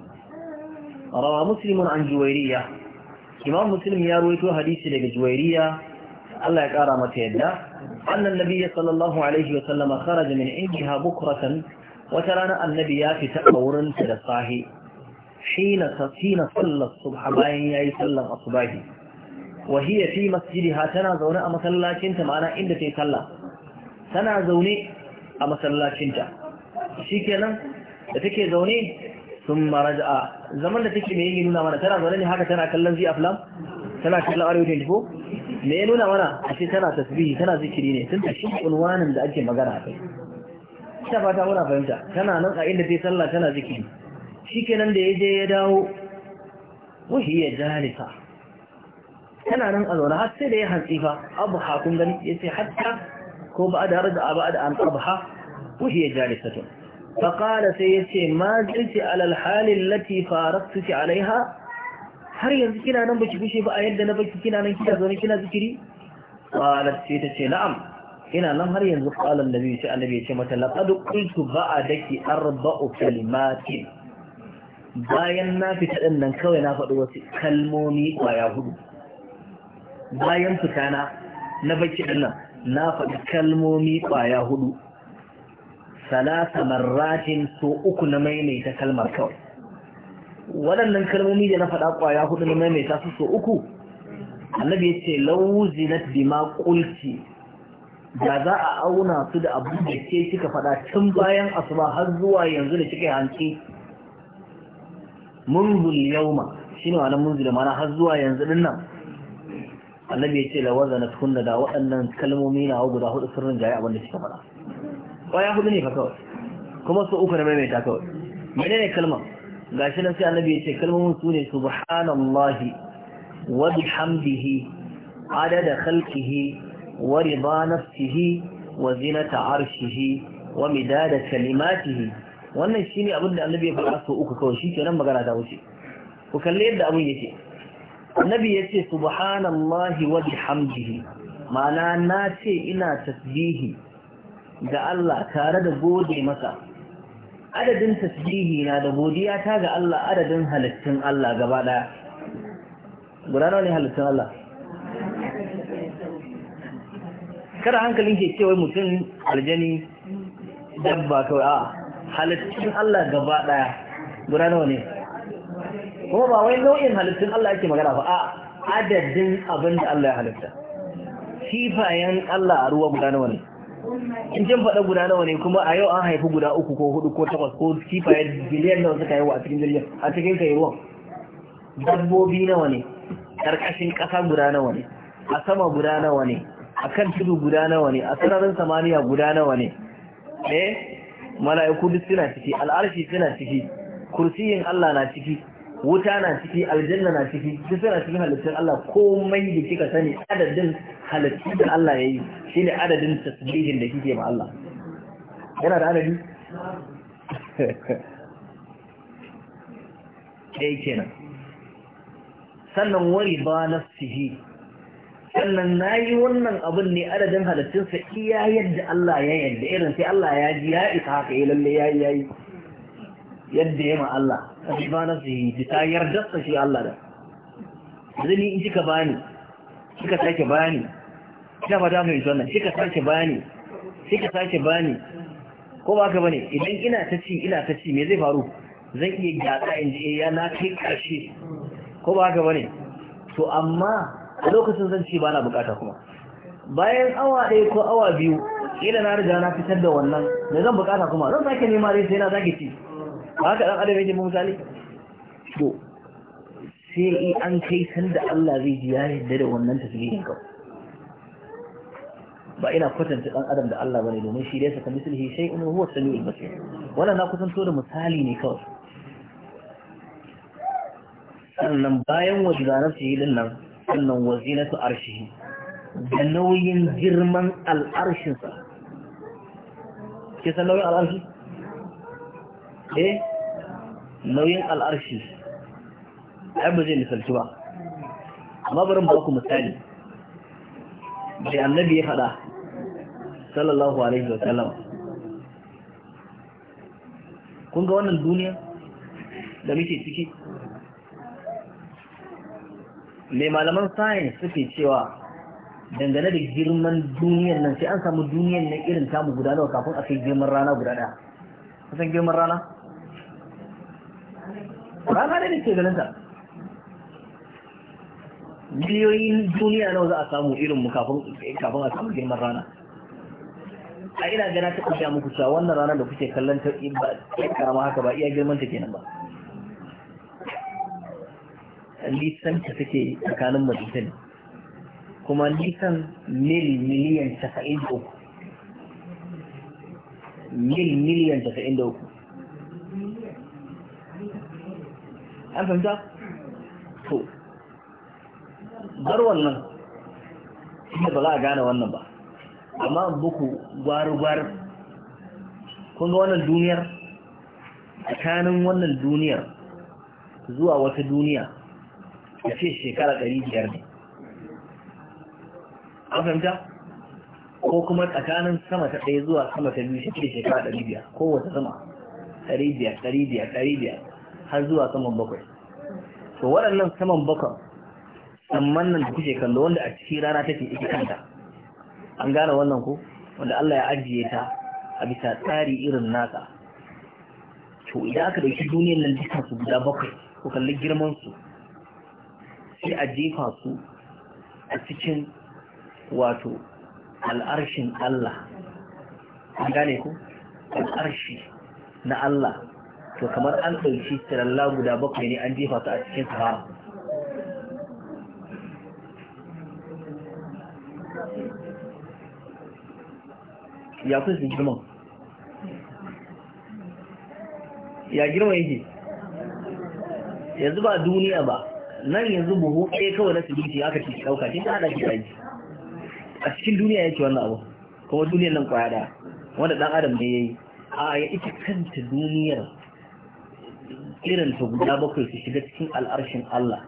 rawa muslimun an juwairiya imam muslim ya ruwaito hadisi daga juwairiya Allah ya kara mata yadda annan nabiyyi sallallahu alaihi wa sallama kharaja min indiha bukratan wata rana annabi ya fita a wurin ta da sahi hina safina sallar subha bayan yayi sallar asubahi wa hiya fi masjidiha tana zaune a masallacinta ma'ana inda tayi sallah tana zaune a masallacinta Shi kenan da take zaune sun a zaman da take mai nuna mana tana zaune ne haka tana kallon zai aflam tana kallon arewa 24 Mai ya nuna mana a ce tana tasbihi tana zikiri ne tun da shi unwanin da ake magana a kai ta fata muna fahimta tana nan a inda ta sallah tana zikiri Shi kenan da ya je ya dawo ya jalisa tana nan a zaune har sai da ya hantsi fa abu hakun gani ya ce hatta ko ba da rada ba da an tabha wa hiya jalisatun fa qala sai yace ma alal halin lati hal allati faraqtuki alaiha har yanzu kina nan baki gushe ba a yadda na baki kina nan kina zaune kina zikiri ce ta ce na'am ina nan har yanzu qala annabi sai annabi ya ce mata laqad qultu ba'daki arba'u kalimatin bayan na fita ɗin nan kawai na faɗi wasu kalmomi ƙwaya hudu bayan fitana na baki ɗin nan na faɗi kalmomi ƙwaya hudu salasa marratin so uku na maimaita kalmar kawai waɗannan kalmomi da na faɗa ƙwaya hudu na maimaita su so uku annabi ya ce na bima ƙulci da za a auna su da abu da ke kika faɗa tun bayan asuba har zuwa yanzu da kika hanci munzul yauma shine wannan munzul mana har zuwa yanzu din nan annabi ya ce lawaza na kunna da waɗannan kalmomi na hau guda hudu sirrin jaye abin da suka faɗa ƙwaya hudu ne fa kawai kuma su uku na maimaita kawai menene ga shi nan sai annabi ya ce kalmomin su ne subhanallahi wa bihamdihi adada khalqihi wa rida nafsihi wa zinata arshihi wa midada kalimatihi wannan shine abin da annabi ya faɗa su uku kawai shikenan magana ta wuce ku kalli yadda abin yake annabi ya ce subhanallahi wa bihamdihi ma'ana na ce ina tasbihi ga Allah tare da gode masa adadin tasbihi na da godiya ta ga Allah adadin halittun Allah gaba daya guda nawa ne halittun Allah kada hankalin ke ce wai mutum aljani dabba kawai a halittun Allah gaba daya guda nawa ne ko ba wai nau'in halittun Allah yake magana ba a adadin abin da Allah ya halitta sifayen Allah a ruwa guda nawa ne in jin faɗa guda nawa ne kuma a yau an haifi guda uku ko hudu ko takwas ko kifaye biliyan nawa suka wa a cikin jirgin a cikin kai ruwan dabbobi nawa ne ƙarƙashin ƙasa guda nawa ne a sama guda nawa ne a kan tudu guda nawa ne a sararin samaniya guda nawa ne eh mala'iku duk suna ciki al'arshi suna ciki kursiyin Allah na ciki wuta na ciki aljanna na ciki duk suna cikin halittun Allah komai da kika sani adadin halittun da Allah ya yi shine adadin tasbihin da kike ma Allah yana da adadi ɗaya kenan sannan wari ba na sihi sannan na yi wannan abin ne adadin halittunsa iya yadda Allah ya yadda irin sai Allah ya ji ya isa haka ya lalle ya yi ya yi yadda ya ma Allah fi ba na su yi ta yarda sa shi Allah da zini in kika bani kika sake bani kina fata mai zuwa nan kika sake bani kika sake bani ko ba ka bane idan ina ta ci ina ta ci me zai faru zan iya gyatsa in ji eh, ya na kai karshe ko ba ka bane to amma a lokacin zan ci ba na bukata kuma bayan awa ɗaya ko awa biyu ila na riga na fitar da wannan da zan bukata kuma zan sake nema dai sai na zaki ci haka dan adam yake misali to sai an kai sanda Allah zai ji ya yarda da wannan tasbihin kawai ba ina kwatanta dan adam da Allah bane domin shi dai saka mislihi shay'un huwa samiul basir wannan na kusanto da misali ne kawai sannan bayan wajibanar shi din nan sannan wazinatu arshihi da nauyin girman al'arshinsa ke san nauyin al'arshi eh nauyin al'arshi ai ba zai misalci ba amma bari ba ku misali da annabi ya faɗa sallallahu alaihi wa sallam kun ga wannan duniya da muke ciki mai malaman science suke cewa dangane da girman duniyan nan sai an samu duniyan nan irin tamu guda nawa kafin a kai girman rana guda ɗaya kasan girman rana rana ne da ke ganin ta miliyoyin duniya nawa za a samu irin mu kafin a samu girman rana a ina gana ta kusa muku cewa wannan rana da kuke kallon ta ba karama haka ba iya girman ta kenan ba nisan ta take tsakanin majalisa ne kuma nisan mil miliyan casa'in da uku mil miliyan casa'in da uku an fahimta to bar wannan kuma ba za a gane wannan ba amma buku gwar-gwar kun ga wannan duniyar tsakanin wannan duniyar zuwa wata duniya ya ce shekara ɗari biyar ne an fahimta ko kuma tsakanin sama ta ɗaya zuwa sama ta biyu shekara ɗari biyar wata sama ɗari biyar ɗari biyar ɗari biyar har zuwa saman bakwai to waɗannan saman bakwai samman nan da kuke kallo wanda a cikin rana take ita kanta an gane wannan ko wanda Allah ya ajiye ta a bisa tsari irin naka. to idan aka dauki duniyar nan duka su guda bakwai ko kalli girman su sai a jefa su a cikin wato al'arshin Allah an gane ku al'arshi na Allah to kamar an ɗauki tiralla guda bakwai ne an jefa su a cikin sahara ya fi su girman ya girma yake yanzu ba duniya ba nan yanzu buhu ɗaya kawai na siminti aka ce ɗauka ce ta haɗa shi aiki a cikin duniya yake wannan abu kuma duniyar nan kwaya ɗaya wanda ɗan adam ne ya yi a ya ita kanta duniyar irin ta guda bakwai su shiga cikin al'arshin Allah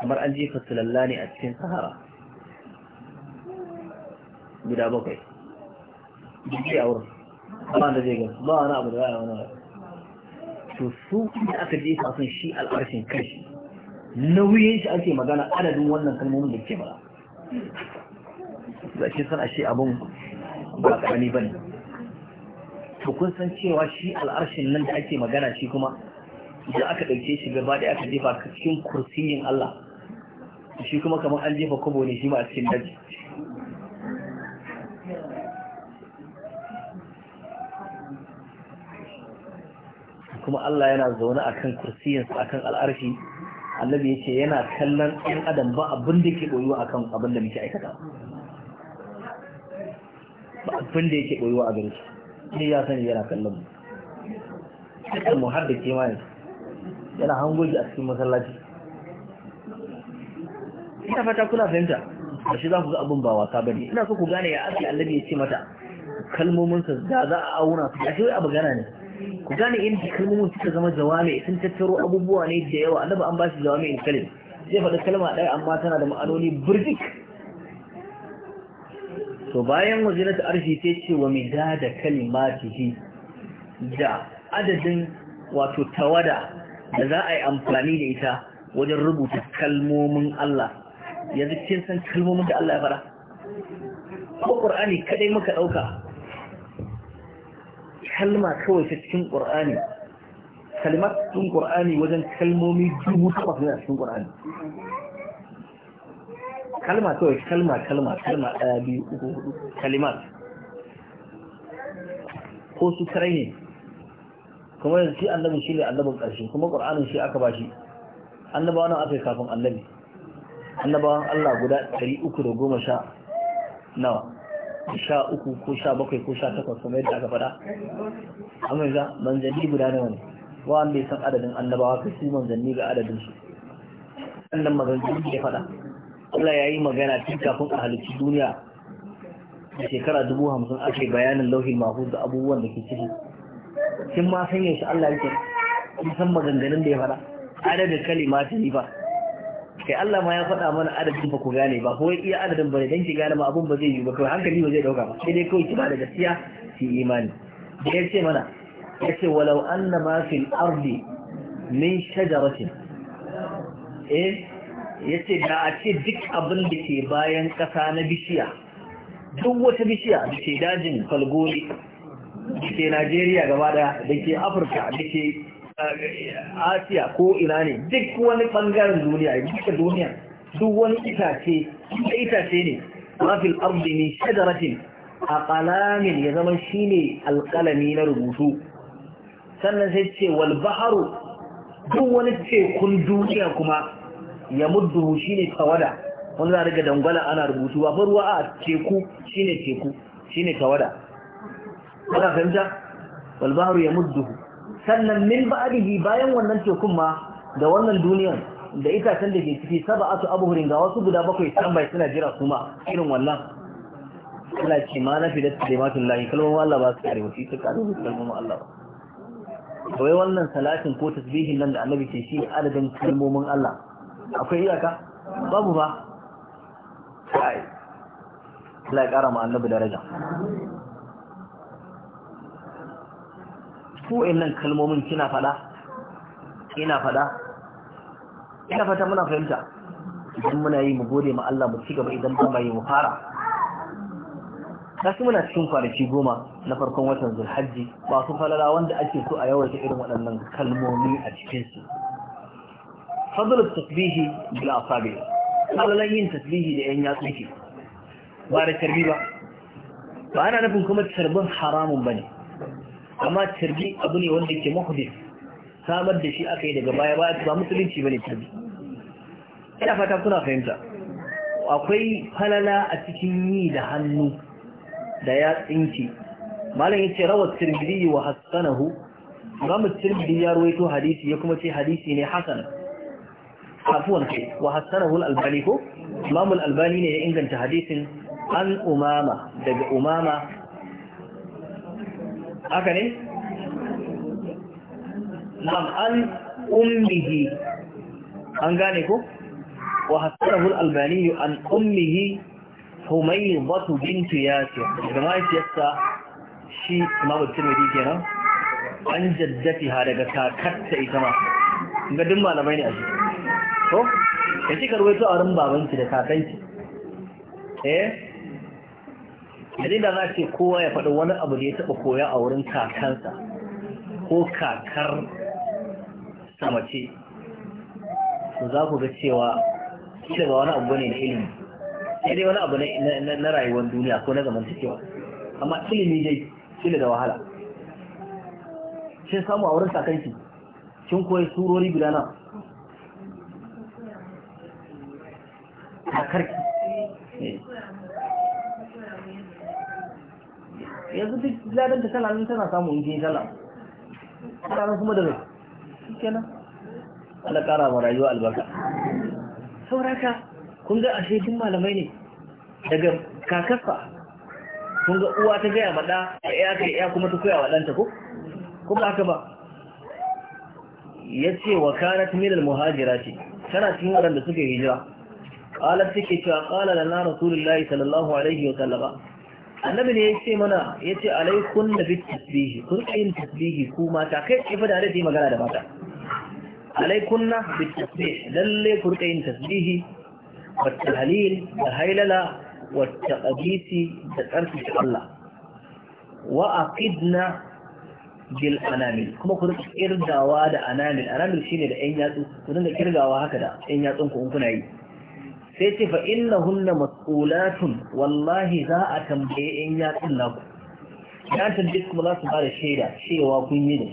kamar an jefa sulalla ne a cikin sahara guda bakwai jiki a wurin ba da zai gani ba wani abu da ya wani to su da aka jefa sun shi al'arshin kai nauyin shi ake magana adadin wannan kalmomin da ke mara za shi san ashe abun ba ƙarami ba ne to kun san cewa shi al'arshin nan da ake magana shi kuma idan aka ɗauke shi gaba ɗaya aka jefa cikin kursiyin Allah shi kuma kamar an jefa kobo ne shi ma a cikin daji kuma Allah yana zaune a kan kursiyinsa a kan al'arshi annabi ya ce yana kallon ɗan adam ba abin da ke ɓoyuwa a kan abin da muke aikata ba abin da yake ɓoyuwa a gare shi ne ya sani yana kallon mu cikin mu har da ke ma yana hangoji a cikin masallaci ina fata kuna fahimta a shi za ku ga abin ba wasa ba ne ina so ku gane ya ake allabi ya ce mata kalmominsa da za a auna su wai abu gana ne ku gane in inda kalmomin suka zama jawami sun tattaro abubuwa ne da yawa annabi an ba shi jawami in kalim zai faɗi kalma ɗaya amma tana da ma'anoni birjik to bayan wazinatu arshi sai ce wa midada kalimatihi da adadin wato tawada da za a yi amfani da ita wajen rubuta kalmomin Allah yanzu kin san kalmomin da Allah ya fara ko ƙur'ani, kadai muka ɗauka kalma kawai ta cikin Qur'ani kalmar cikin ƙur'ani wajen kalmomi dubu takwas ne a cikin ƙur'ani. kalma kawai kalma kalma kalma ɗaya biyu uku hudu kalimat ko su karai kuma yanzu shi Annabi shi ne annabin ƙarshe kuma ƙur'anin shi aka bashi annabawa nan aka yi kafin annabi annabawan Allah guda ɗari uku da goma sha nawa sha uku ko sha bakwai ko sha takwas kuma yadda aka faɗa amma yanzu manzanni guda nawa ne ba wanda ya san adadin annabawa kai su manzanni ga adadin su maganin manzanni ya faɗa Allah ya yi magana tun kafin a halittu duniya a shekara dubu hamsin ake bayanin lauhin mahud da abubuwan da ke ciki sun ma san yaushe Allah yake kin san maganganun da ya faɗa adadin kalimatin ta ba kai Allah ma ya faɗa mana adadin ba ku gane ba ko iya adadin ba ne dan ki gane ma abun ba zai yi ba kawai hankali ba zai dauka ba sai dai kawai ki ba da gaskiya ki imani da ya ce mana ya ce walau anna ma fil ardi min shajaratin eh ya ce da a ce duk abin da ke bayan ƙasa na bishiya duk wata bishiya da ke dajin falgoli da ke najeriya gaba da da ke afirka da ke eh, asiya ko ina ne duk wani ɓangaren duniya duka duniya duk wani itace da itace ne rafil arzi ne shajaratin a ƙalamin ya zama shi ne alƙalami na rubutu sannan sai ce wal baharu duk wani tekun duniya kuma ya shi ne tawada wani za riga dangwala ana rubutu ba ruwa a teku shi ne teku shi ne tawada kana fahimta wal bahru ya mudduhu sannan min ba'dihi bayan wannan tekun ma da wannan duniyan da itacen da ke ciki saba sab'atu abhurin ga wasu guda bakwai can bai suna jira su ma irin wannan Suna ce ma na fidat kalimatun layi, kalmomin Allah ba su kare wasi ta kare wasi kalmomin Allah ba wai wannan salatin ko tasbihin nan da annabi ke shi adadin kalmomin Allah akwai iyaka babu ba sai Allah ya kara mu annabi daraja ko nan kalmomin kina fada ina fada ina fata muna fahimta idan muna yi mu gode ma Allah mu cigaba idan ba yi mu fara kasu muna cikin kwanaki goma na farkon watan zulhajji su falala wanda ake so a yawaita irin waɗannan kalmomi a cikinsu fadlul tasbihi bil asabi Allah yin tasbihi da yan yatsu ba da tarbi ba ba ana nufin kuma tarbin haramun bane amma tarbi abu ne wanda ke muhdis samar da shi aka yi daga baya baya ba musulunci bane tarbi ina fata kuna fahimta akwai falala a cikin yi da hannu da yatsinki ya ce rawat tirmidhi wa hasanahu imam tirmidhi ya ruwaito hadisi ya kuma ce hadisi ne hasan afuwan kai wa hassanahu al-albani ko imam albani ne ya inganta hadisin an umama daga umama haka ne na'am an ummihi an gane ko wa hassanahu al-albani an ummihi humaydatu bint yasir jama'a yasa shi imam al-tirmidhi kenan an jaddatiha daga kakarta ita ma ga duk malamai ne a cikin to Ya kika ruwaito a wurin babanki da kakanki eh idan da za ce kowa ya faɗi wani abu da ya taɓa koya a wurin kakansa ko kakar samace za ku ga cewa shi daga wani abu ne na ilimi sai dai wani abu na rayuwar duniya ko na zamantakewa amma ilimi dai shi da wahala kin samu a wurin kakanki kin koyi surori guda nawa kakarki yanzu duk ladan da tana nan tana samu injin tana tana kuma da rai kenan ala kara ma rayuwa albarka sauraka kun ga ashe duk malamai ne daga kakarfa kun ga uwa ta gaya maɗa a ya kai ya kuma ta koya wa ɗanta ko kuma haka ba ya ce wa kanat milal muhajira ce tana cikin waɗanda suke hijira qalat take cewa qala lana rasulullahi sallallahu alaihi wa sallama annabi ne yace mana yace alaikum da bit tasbihi kun yin tasbihi ku mata kai ifa da alai magana da mata na bit tasbih lalle ku rika tasbihi wa tahlil da hailala wa taqdisi da tsarki Allah wa aqidna bil anamil kuma ku rika kirgawa da anamil anamil shine da ƴan yatsu ku dinga kirgawa haka da ƴan yatsun ku in kuna yi sai ce fa hunna mas'ulatun wallahi za a tambaye in ya tsilla ku ya tambaye kuma za su bada shaida cewa kun yi ne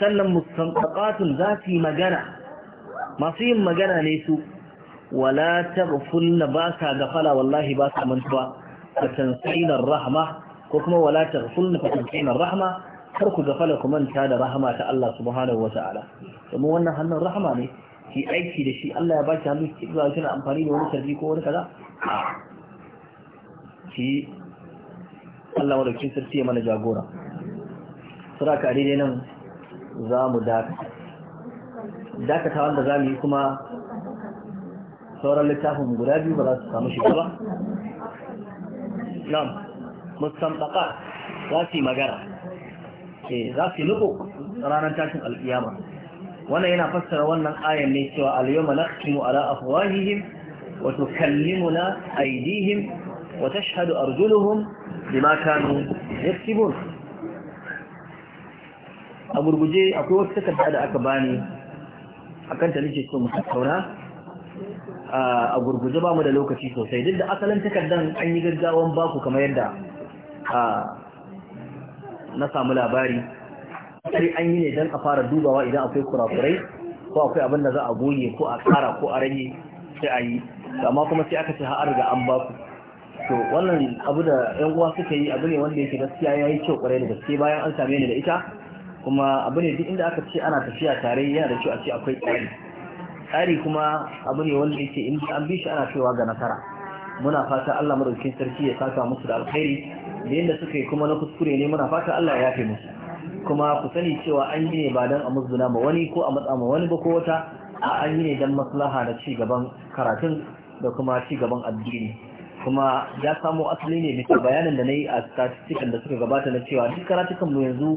sannan mustanqatun za su yi magana masu yin magana ne su wala taghfulna ba sa gafala wallahi ba sa mantuwa fa rahma ko kuma wala taghfulna fa tansina rahma kar ku gafala ku manta da rahama ta Allah subhanahu wa ta'ala domin wannan hannun rahama ne ki aiki da shi Allah ya baki hannu ki zuwa kina amfani da wani sarki ko wani kaza a ki Allah madaukin sarki ya mana jagora suraka ka daidai nan za mu daka. dakata wanda za mu yi kuma sauran littafin guda biyu ba za su samu shi ba nan mustamtaka za su yi magana eh, za su yi nuku ranar tashin al'iyama wannan yana fassara wannan ayan ne cewa al-yawma naqtimu ala afwahihim wa tukallimuna aydihim wa tashhadu arjuluhum bima kanu yaktubun a gurguje akwai wata takarda da aka bani akan ta nake so mu tattauna a gurguje ba mu da lokaci sosai duk da asalin takardan an yi gaggawan baku kamar yadda na samu labari sai an yi ne don a fara dubawa idan akwai kurakurai ko akwai abin da za a goge ko a kara ko a rage sai a yi amma kuma sai aka ce har ga an ba ku to wannan abu da yan uwa suka yi abu ne wanda yake gaskiya ya yi kyau kwarai da gaske bayan an same ni da ita kuma abu ne duk inda aka ce ana tafiya tare yana da kyau a ce akwai tsari tsari kuma abu ne wanda yake in an bi shi ana cewa ga nasara muna fata Allah madaukakin sarki ya saka musu da alkhairi da yadda suka yi kuma na kuskure ne muna fata Allah ya yafe musu kuma ku sani cewa an yi ne ba don a musguna ma wani ko a matsa ma wani ba ko wata a an yi ne don maslaha da ci gaban karatun da kuma ci gaban addini kuma ya samo asali ne mai bayanin da na yi a statistikan da suka gabata na cewa duk karatukan mu yanzu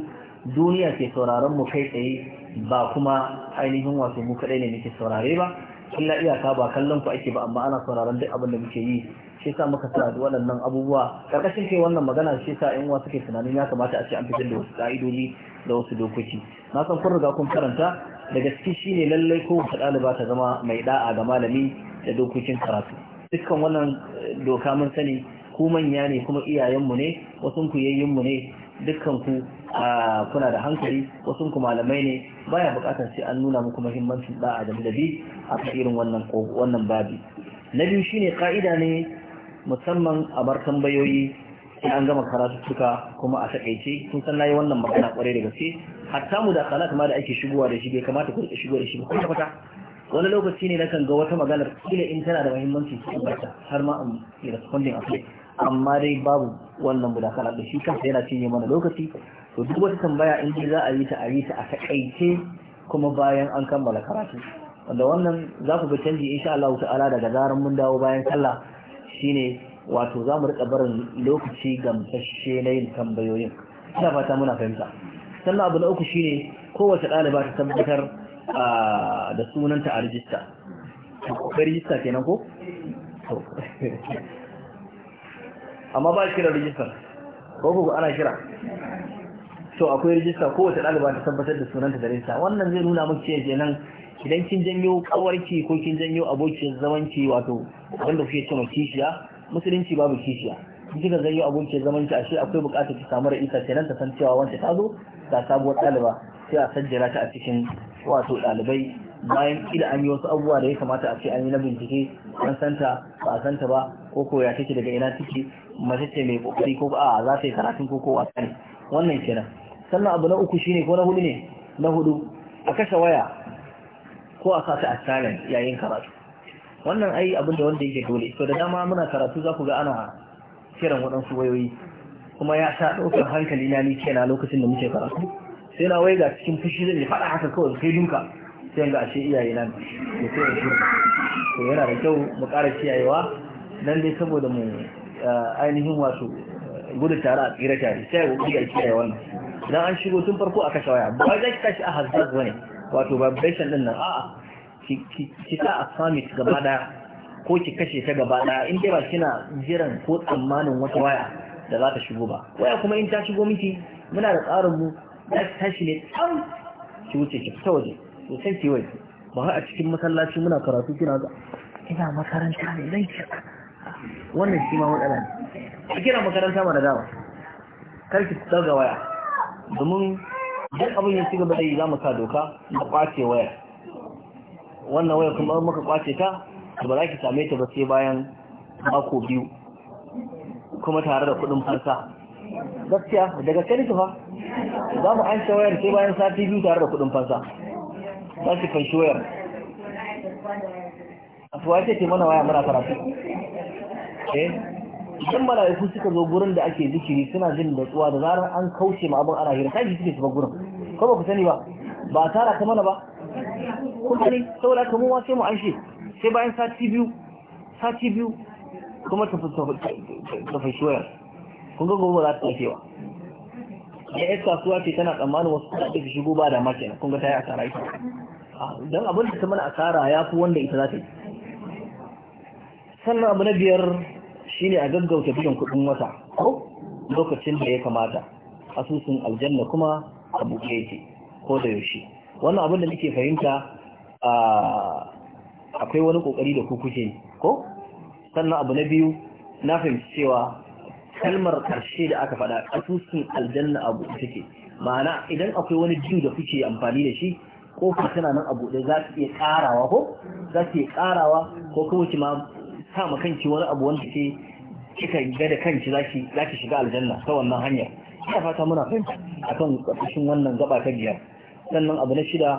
duniya ke sauraron mu kai tsaye ba kuma ainihin wasu mu kaɗai ne muke saurare ba illa iyaka ba kallon ku ake ba amma ana sauraron duk abin da muke yi shi yasa muka sa da waɗannan abubuwa karkashin kai wannan magana shi yasa 'yan uwa suke tunanin ya kamata a ce an fitar da wasu ka'idodi da wasu dokoki na san kun riga kun karanta daga ciki shine lallai ko wata ɗaliba ta zama mai da'a ga malami da dokokin karatu dukkan wannan eh, doka mun sani ku manya ne kuma iyayenmu ne wasu ku ne dukkan ku kuna da hankali wasu ku malamai ne baya bukatar sai an nuna muku muhimmancin da'a da ladabi a irin wannan wannan babi na biyu shine ka'ida ne musamman a bar tambayoyi in an gama karatuttuka kuma a takaice kun san nayi wannan magana kware da gaske hatta mu da salat da ake shigowa da shi bai kamata ku rika shigowa da shi ba kuma wani lokaci ne nakan ga wata maganar kila in tana da muhimmanci ku barka har ma an yi responding akai amma dai babu wannan mudakala da shi kansa yana cinye mana lokaci to duk wata tambaya in za a yi ta a yi ta a takaice kuma bayan an kammala karatu wanda wannan za ku ga canji insha Allah ta'ala daga zaran mun dawo bayan sallah shine wato za mu rika barin lokaci gamsashe na yin tambayoyin ina fata muna fahimta sannan abu na uku shine kowace ɗaliba ta tabbatar da sunanta a rijista akwai rijista kenan ko amma ba kira rijistar ko ku ana kira to akwai rijista kowace ɗaliba ta tabbatar da sunanta da rijista wannan zai nuna maka ce kenan idan kin janyo kawarki ko kin janyo abokin zamanci wato wanda kuke cewa kishiya musulunci babu kishiya in kika janyo abokin zamanci ashe akwai bukatar ki samu ra'isa kenan ta san cewa wanda ta zo ga sabuwar ɗaliba sai a sajjara ta a cikin wato ɗalibai bayan kila an yi wasu abubuwa da ya kamata a ce an yi na bincike an santa ba a santa ba ko ko ya take daga ina take mace ce mai kokari ko a za ta yi karatun ko ko wasa ne wannan kenan sannan abu na uku shine ko na hudu ne na hudu a kashe waya ko a kasa a silent yayin karatu wannan ai abin da wanda yake dole to da dama muna karatu za ku ga ana kiran waɗansu wayoyi kuma ya sa ɗaukar hankali na ni na lokacin da muke karatu sai na ga cikin fushi zai yi faɗa haka kawai kai dinka sai ga ashe iyaye nan da sai shi to yana da kyau mu ƙara kiyayewa nan dai saboda mu eh, ainihin wato eh, gudu tare a tsira tare sai ya ga kiyaye wannan idan an shigo tun farko a kashe waya ba zai kashi a hazzaz wani. wato vibration din nan a'a ki sa a summit gaba daya ko ki kashe ta gaba daya in dai ba kina jiran ko tsammanin wata waya da za ta shigo ba waya kuma in ta shigo miki muna da tsarin mu da tashi ne tsam ki wuce ki fita waje to sai ki waje ba a cikin masallaci muna karatu kina ga ina makaranta ne zan ki wannan shi ma matsala ne kira makaranta da dawa kar ki tsaga waya domin duk abin ya ci gaba da yi za mu sa doka na kwace waya. wannan waya kuma muka kwace ta ba za ki same ta ba sai bayan mako biyu kuma tare da kuɗin fansa gaskiya daga kai fa za mu an wayar sai bayan sati biyu tare da kuɗin fansa za ki kan wayar a tuwa ce mana waya muna karatu eh idan mala'iku suka zo gurin da ake zikiri suna jin tsuwa da zarar an kauce ma abin ana hira kai suke su gurin ko ba ku sani ba ba tara ta mana ba kuma ne saboda ka mu sai mu an shi sai bayan sati biyu sati biyu kuma ta fashi wayar kun ga gobe za ta ɗauke wa ya yi kasuwa ce tana tsammanin wasu da ake shigo ba da mace kun ga ta yi asara ita ah, don abin da ta mana asara ya fi wanda ita za ta yi sannan abu na biyar Shi ne a gaggauta biyan kuɗin wata ko lokacin da ya kamata asusun aljanna kuma a buke yake ko da yaushe wannan abin da nake fahimta akwai wani kokari da ku kuke ko sannan abu na biyu na fahimci cewa kalmar karshe da aka faɗa asusun aljanna a buɗe take ma'ana idan akwai wani jin da kuke amfani da shi ko tana nan a buɗe za su iya ƙarawa ko za su iya ƙarawa ko kuma ma sa ma kanki wani abu wanda ke kika ga da kanki zaki zaki shiga aljanna ta wannan hanya ina fata muna fahimta akan kafishin wannan gaba ta biyar sannan abu na shida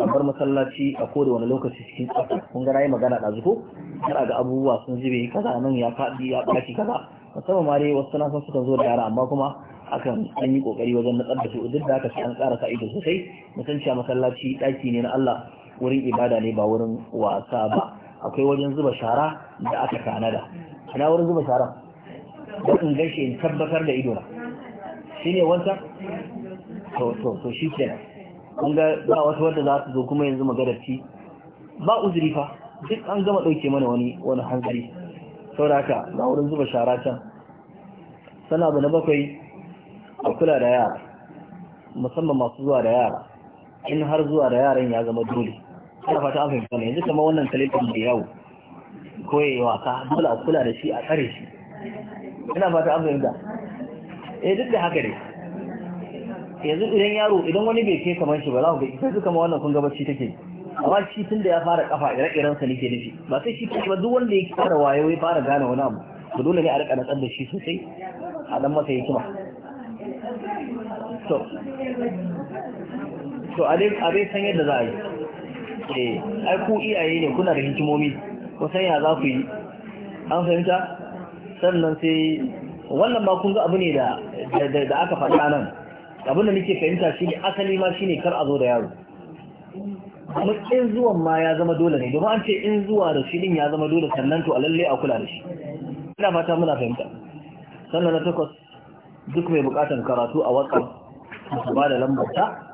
a bar masallaci a koda wani lokaci cikin tsaka kun ga nayi magana da ko har ga abubuwa sun zube kaza nan ya faɗi ya ɓaci kaza musamman ma dai wasu na san suka zo da yara amma kuma akan an yi kokari wajen natsar da su duk da haka sai an tsara ka'ido sosai musanci a masallaci ɗaki ne na Allah wurin ibada ne ba wurin wasa ba akwai wajen zuba shara da aka tanada ina wurin zuba shara da in ganshi in tabbatar da idona shi ne wancan to to to shi kenan kun ga ba wata wadda za su zo kuma yanzu magararci ba uzuri fa duk an gama ɗauke mana wani wani hanzari saboda haka na wurin zuba shara can sana abu na bakwai a kula da yara musamman masu zuwa da yara in har zuwa da yaran ya zama dole ina fata a fahimta ne yanzu kama wannan talibin da yawo ko ya yi wasa dole a kula da shi a tsare shi ina fata a fahimta eh duk da haka ne yanzu idan yaro idan wani bai kai kamar shi ba za ku ga yanzu kama wannan kun gabaci take amma shi tun da ya fara kafa ire-iren sa nake nufi ba sai shi ba duk wanda ya fara wayo ya fara gane wani abu ba dole ne a rika nasar da shi sosai a dan masa hikima to to a dai san yadda za a yi eh ai iyaye ne kuna da hikimomi ko san ya za ku yi an fahimta sannan sai wannan ba kun ga abu ne da da aka faɗa nan abin da nake fahimta shi ne asali ma shine kar a zo da yaro amma in zuwan ma ya zama dole ne domin an ce in zuwa da shi din ya zama dole sannan to a lalle a kula da shi ina fata muna fahimta sannan na takwas duk mai bukatan karatu a wasan ba da lambar ta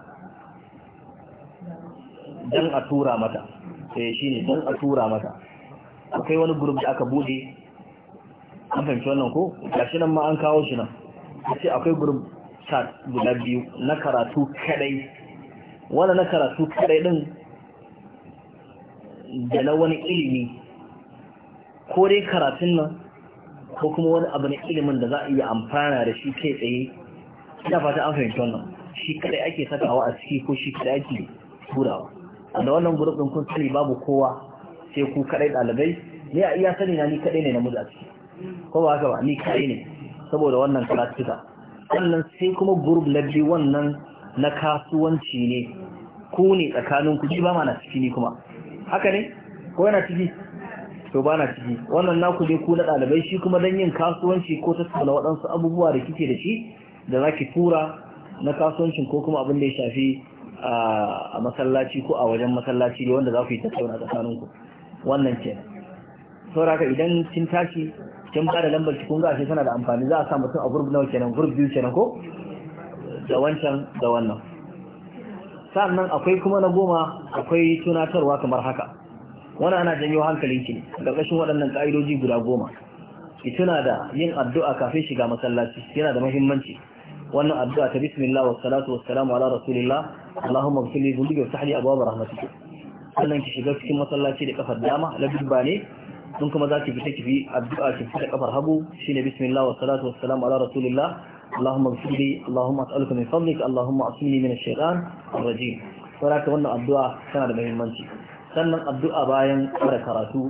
dan a tura mata sai eh, shi ne dan a tura mata akwai wani gurbi aka bude an fahimci wannan ko gashi nan ma an kawo shi nan sai akwai gurbi chat guda biyu na karatu kadai wani na karatu kadai din da na wani ilimi ko dai karatun nan ko kuma wani abu na ilimin da za a iya amfana da shi kai tsaye ina fata an fahimci wannan shi kadai ake sakawa a ciki ko shi kadai ake turawa da wannan group din kun sani babu kowa sai ku kadai dalibai ni a iya sani na ni kadai ne namiji a ciki ko ba haka ba ni kadai ne saboda wannan karatuka sannan sai kuma group na biyu wannan na kasuwanci ne ku ne tsakanin ku ji ba ma na ciki ni kuma haka ne ko yana ciki to ba na ciki wannan naku ne ku na dalibai shi kuma dan yin kasuwanci ko tsala waɗansu abubuwa da kike da shi da zaki tura na kasuwancin ko kuma abin da ya shafi a masallaci ko a wajen masallaci ne wanda za ku yi tattauna ku wannan ce haka idan kin tashi kin ba da lambar kun ga shi tana da amfani za a sa mutum a gurbi nawa kenan gurbi biyu kenan ko da wancan da wannan sannan akwai kuma na goma akwai tunatarwa kamar haka wani ana janyo hankalin ki ga kashin waɗannan ka'idoji guda goma ki tuna da yin addu'a kafin shiga masallaci yana da muhimmanci wannan addu'a ta bismillah wa salatu wa salamu ala rasulillah Allahumma ighfir li dhunubi wa sahli abwaab rahmatik sannan ki shiga cikin masallaci da kafar dama na dubba ne dun kuma za ki fita ki bi addu'a ki fita kafar hagu shine bismillah wa salatu wa salamu ala rasulillah Allahumma ighfir li Allahumma as'aluka min fadlik Allahumma asmini min ash-shaytan ar-rajim saboda wannan addu'a tana da muhimmanci sannan addu'a bayan fara karatu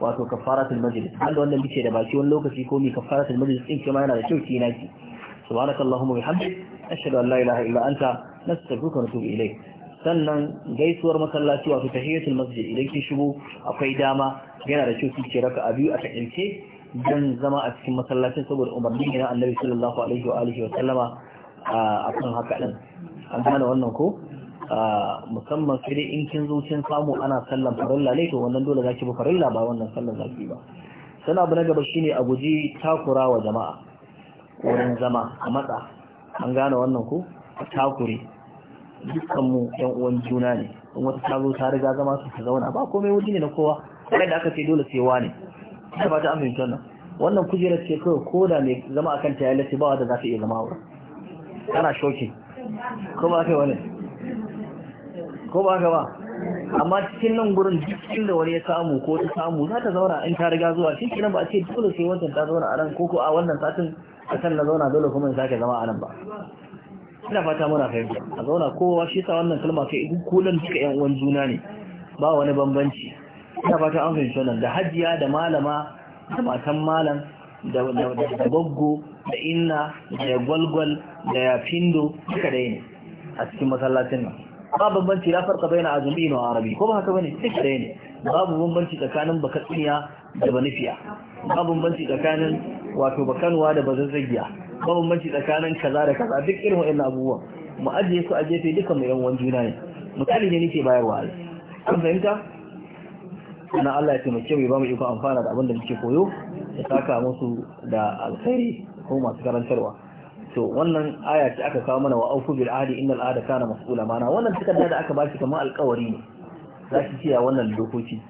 wato kafaratul majlis wanda wannan muke da baki wani lokaci ko mi kafaratul majlis din kuma yana da kyau ki naki subhanakallahumma bihamdik ashhadu an la ilaha illa anta nastaghfiruka wa natubu ilayk sannan gaisuwar masallaci wato tahiyatul masjid idan kin shigo akwai dama yana da kyau ki raka a biyu a takaice dan zama a cikin masallacin saboda umarni ne na Annabi sallallahu alaihi wa alihi wa sallama kan haka din an gane wannan ko musamman sai dai in kin zo kin samu ana sallan farilla ne to wannan dole zaki bi farilla ba wannan sallan zaki ba sana abu na gaba shine a guji takura wa jama'a wurin zama a matsa an gane wannan ku a takure dukkanmu yan uwan juna ne in wata ta zo ta riga zama su ta zauna ba komai wuji ne na kowa kai da aka ce dole sai wani ina ba ta amince wannan wannan kujerar ce kawai ko da mai zama akan ta yalla lace ba wanda za ta iya zama wurin Kana shoki ko ba kai wani ko ba ka ba amma cikin nan gurin cikin da wani ya samu ko ta samu za ta zauna in ta riga zuwa shi nan ba a ce dole sai wancan ta zauna a nan ko ko a wannan satin a kan na zauna dole kuma in sake zama a nan ba ina fata muna fahimta a zauna kowa shi sa wannan kalma kai duk kulan duka yan uwan juna ne ba wani bambanci ina fata an fahimci wannan da hajiya da malama da matan malam da da goggo da inna da gwalgwal da yafindo duka dai ne a cikin masallacin nan ba bambanci ya farka bayan azumi na arabi ko ba haka bane duk da ne babu bambanci tsakanin bakatsiniya da banifiya babu bambanci tsakanin wato bakanwa da bazazzagiya babu bambanci tsakanin kaza da kaza duk irin wa'annan abubuwan mu ajiye su a gefe dukan mai yan juna ne misali ne nake bayarwa an fahimta na Allah ya taimake mu ba mu iko amfana da abin da muke koyo ya saka musu da alkhairi ko masu karantarwa to wannan aya ce aka kawo mana wa auku bil ahdi innal ahda kana mas'ula mana wannan takarda da aka ba shi kamar alƙawari ne za ki ciya wannan dokoki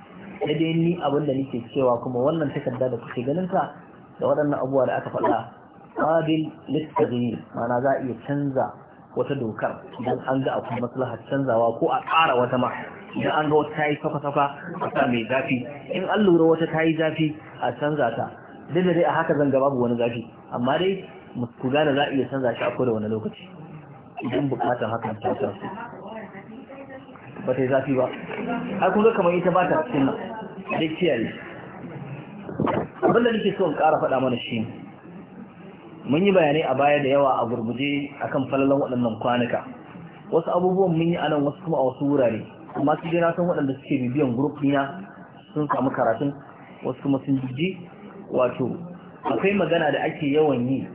sai dai ni abin da nake cewa kuma wannan takarda da kuke ganin ta da waɗannan abubuwa da aka faɗa qabil litaghyir mana za a iya canza wata dokar idan an ga akwai maslahar canzawa ko a ƙara wata ma idan an ga wata yi kwafa-kwafa a sa mai zafi in an lura wata tayi zafi a canza ta duk da dai a haka zan ga babu wani zafi amma dai ku gane za a iya canza shi a koda wani lokaci idan bukatar hakan ta taso ba ta yi zafi ba ai kuma kamar ita ba ta cikin nan dai kiyaye abin da nake so in ƙara faɗa mana shi mun yi bayanai a baya da yawa a gurguje kan falalan waɗannan kwanuka wasu abubuwan mun yi anan wasu kuma a wasu wurare amma su dai na san waɗanda suke bibiyan group ɗina sun samu karatun wasu kuma sun jiji wato akwai magana da ake yawan yi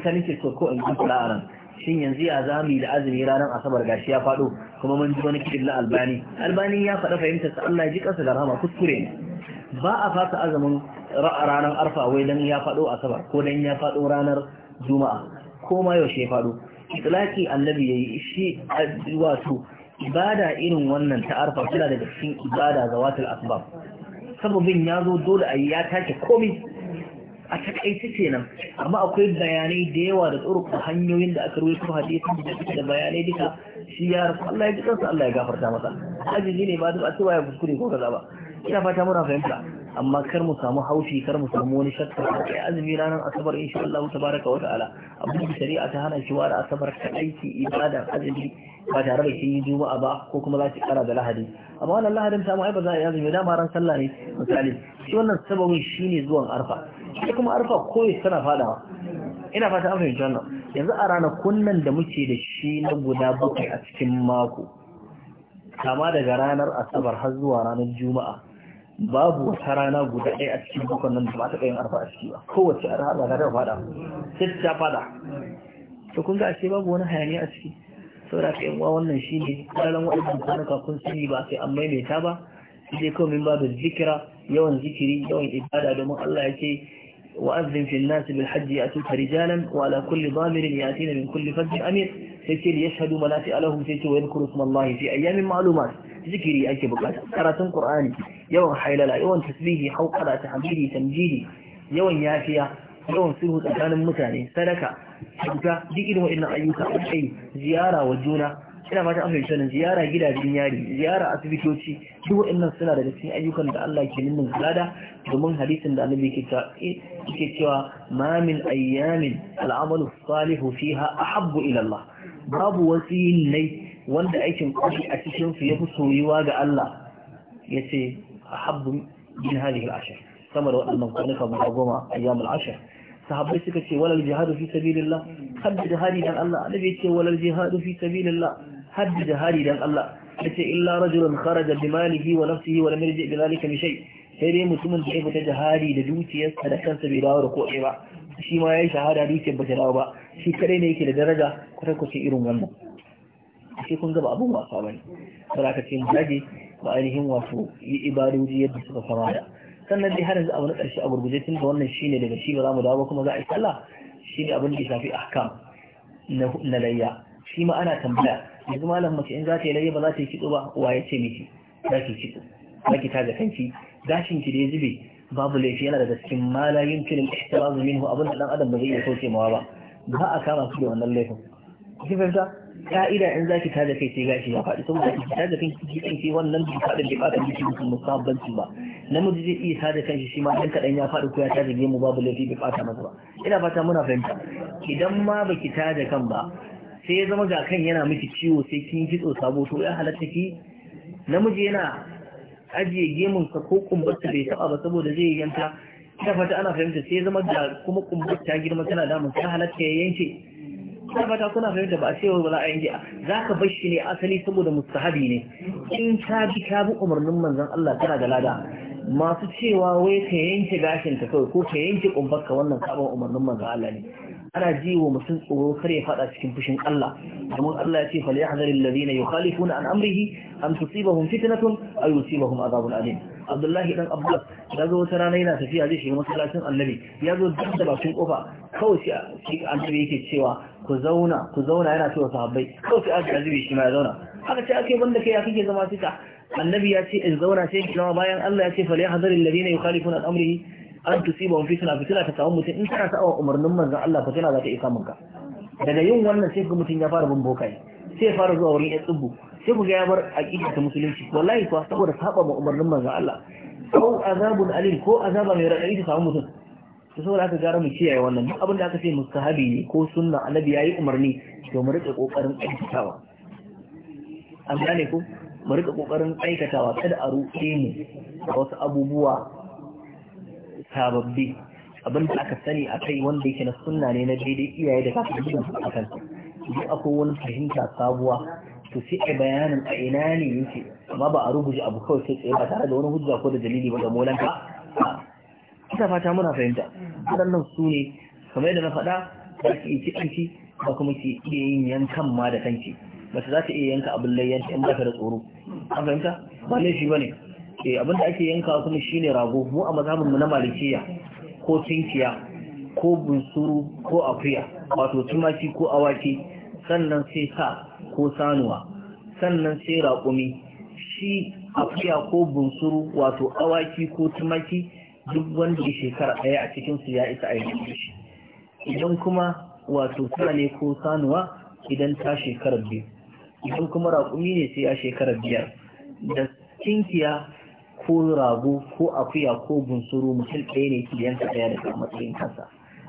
ita nake so ko in a ran shin yanzu ya zamu yi da azumi ranar asabar gashi ya faɗo kuma mun ji wani kidin na albani albani ya faɗa fahimtar sa Allah ya ji ƙasa da rahama kuskure ne ba a fasa azumin ranar arfa wai dan ya faɗo asabar ko dan ya faɗo ranar juma'a ko ma yaushe ya faɗo itlaki annabi yayi shi wato ibada irin wannan ta arfa tana daga cikin ibada zawatul asbab sababin ya zo dole a yi ya take komai a takaice kenan amma akwai bayanai da yawa da tsoro hanyoyin da aka rubuta hadisi da suke da bayanai duka shi ya rasu Allah ya ji kansa Allah ya gafarta masa ajiji ne ba a cewa ya kuskure ko kaza ba ina fata muna fahimta amma kar mu samu haushi kar mu samu wani shakka kai azumi ranar asabar insha Allah tabaraka wa ta'ala abin da shari'a ta hana shi wa asabar ka aiki ibada azumi ba tare da kin yi juma'a ba ko kuma za ki kara da lahadi amma wannan lahadin ta mu ai ba za a yi azumi dama ran sallah ne misali shi wannan sababin shine zuwan arfa sai kuma arfa koyi tana fadawa ina fata an fahimci wannan yanzu a ranar kunnan da muke da shi na guda bakwai a cikin mako kama daga ranar asabar har zuwa ranar juma'a babu wata rana guda ɗaya a cikin bakwai nan da ba ta yin arfa a ciki ba kowace arha ba ta fada sai ta fada to kun ga ashe babu wani hayaniya a ciki saboda ka yan wannan shine kalalan waɗannan kwanuka kun sani ba sai an maimaita ba sai dai kawai min babu zikira yawan zikiri yawan ibada domin Allah ya ce وأذن في الناس بالحج يأتوك رجالا وعلى كل ضامر يأتين من كل فج أمير سيكي ليشهدوا منافع لهم سيكي ويذكروا اسم الله في أيام معلومات ذكري أيك بقاتا قراءة قرآن يوم حيللا يوم تسبيه حوقلا تحميدي تمجيدي يوم يافية يوم سلوه تكان متاني سلكة حبك دي إنه إن أيوك أي زيارة وجونا ina mata an fahimci ziyara gidajen yari ziyara asibitoci duk waɗannan suna daga cikin ayyukan da Allah ke nuna zulada domin hadisin da annabi ke ta eh, yake cewa ma min ayyamin al'amalu salihu fiha ahabbu ila Allah babu wasiyin ne wanda aikin kwashi a cikin su yafi soyuwa ga Allah yace ahabbu min hadhihi al'ashar sama da waɗannan kwanuka guda goma ayyamul ashar sahabbai suka ce walal jihadu fi sabilillah kan jihadi dan Allah annabi ya ce walal jihadu fi sabilillah haddi jihari dan Allah ce illa rajulun kharaja bi malihi wa nafsihi wa lam yarji bi zalika shay sai dai mutumin da ya fita jihari da dukiyarsa da kansa bai dawo da koɗe ba shi ma yayi shahada dukiyar ba ta dawo ba shi kadai ne yake da daraja kwatankwacin irin wannan sai kun gaba abun wasa bane saboda ka ce mu dage ba ainihin wato yi ibadoji yadda suka kamata sannan dai har yanzu abu na ƙarshe a gurguje tun da wannan shine daga shi ba za mu dawo kuma za a yi sallah shine abin da ya shafi ahkam na layya shi ma ana tambaya yanzu malam mace in za ta yi lalle ba za ta yi kitso ba wa ya ce miki za ki kitso za ki taga kanki gashin ki da ya zube babu laifi yana daga cikin malayin kirin ihtirazu minhu abin da dan adam ba zai iya soke mawa ba ba a kama su da wannan laifin ki fahimta ka'ida in za ki taga kai sai gashi ya faɗi saboda ki taga kanki ki kanki wannan bai faɗi da fatan jiki musu musabbanci ba namiji zai iya taga kanshi shi ma dan kadan ya faɗi ko ya taga gemu babu laifi bai fata masa ba ina fata muna fahimta idan ma baki taga kan ba sai ya zama ga kan yana miki ciwo sai kin kitso sabo to ya halatta ki namiji yana ajiye gemunsa ko kumbarta bai taba ba saboda zai yanta ta fata ana fahimta sai zama ga kuma kumbarta girma tana mun ta halatta ya yanke ta fata kuna fahimta ba a cewa ba za a yanke za ka bar shi ne asali saboda mustahabi ne in ta bi ka bi umarnin manzon Allah tana da lada masu cewa wai ka yanke gashin ta kawai ko ka yanke kumbarka wannan sabon umarnin manzon Allah ne ana ji wa mutum tsoro kar ya fada cikin fushin Allah domin Allah ya ce fal yahzar alladhina yukhalifuna an amrihi an tusibahum fitnatun aw yusibahum adhabun alim Abdullahi dan Abbas ya zo wata rana yana tafiya zai shiga masallacin Annabi ya zo duk da bakin kofa kawai sai Annabi yake cewa ku zauna ku zauna yana cewa sahabbai kawai sai jibi shi ma ya zauna haka ce ake banda kai ya kike zama fita Annabi ya ce in zauna sai in bayan Allah ya ce fal yahzar alladhina yukhalifuna an amrihi an tusiba suna fitila ta samun mutum in tana sa'awa umarnin manzan Allah fitina za ta iya samun ka daga yin wannan sai kuma mutum ya fara bin bokai sai fara zuwa wurin ya tsubu sai ku gaya ya bar aqida ta musulunci wallahi kuwa saboda saba ma umarnin manzan Allah ko azabun alim ko azaba mai radadi ta samu mutum to saboda aka gara mu kiyaye wannan duk abin da aka ce mustahabi ne ko sunna annabi yayi umarni to mu rike kokarin aikatawa an gane ku mu rika kokarin aikatawa kada a ruɗe mu a wasu abubuwa sababbi abin da aka sani a kai wanda yake na sunna ne na daidai iyaye da kafin gidan a kan duk akwai wani fahimta sabuwa to sai a bayanin a ina ne yake amma ba a rubuce abu kawai sai tsaye ba tare da wani hujja ko da dalili ba da molanka ita fata muna fahimta waɗannan su ne kamar yadda na faɗa ba ki iya kanki ba kuma ki iya yin yankan ma da kanki mace za ta iya yanka abin layyanta in ba ta da tsoro an fahimta ba laifi ba ne eh abinda ake yanka kuma shine rago mu a mazhabin mu na malikiya ko tinkiya ko bunsuru ko akuya wato tumaki ko awaki sannan sai sa ko sanuwa sannan sai raƙumi shi akuya ko bunsuru wato awaki ko tumaki duk wanda ya shekara ɗaya a cikin su ya isa aiki shi idan kuma wato sa ne ko sanuwa idan ta shekarar biyu idan kuma raƙumi ne sai ya shekarar biyar da kinkiya ko rago ko akuya ko bunsuru mutum ɗaya ne ke yanka ɗaya daga matsayin kansa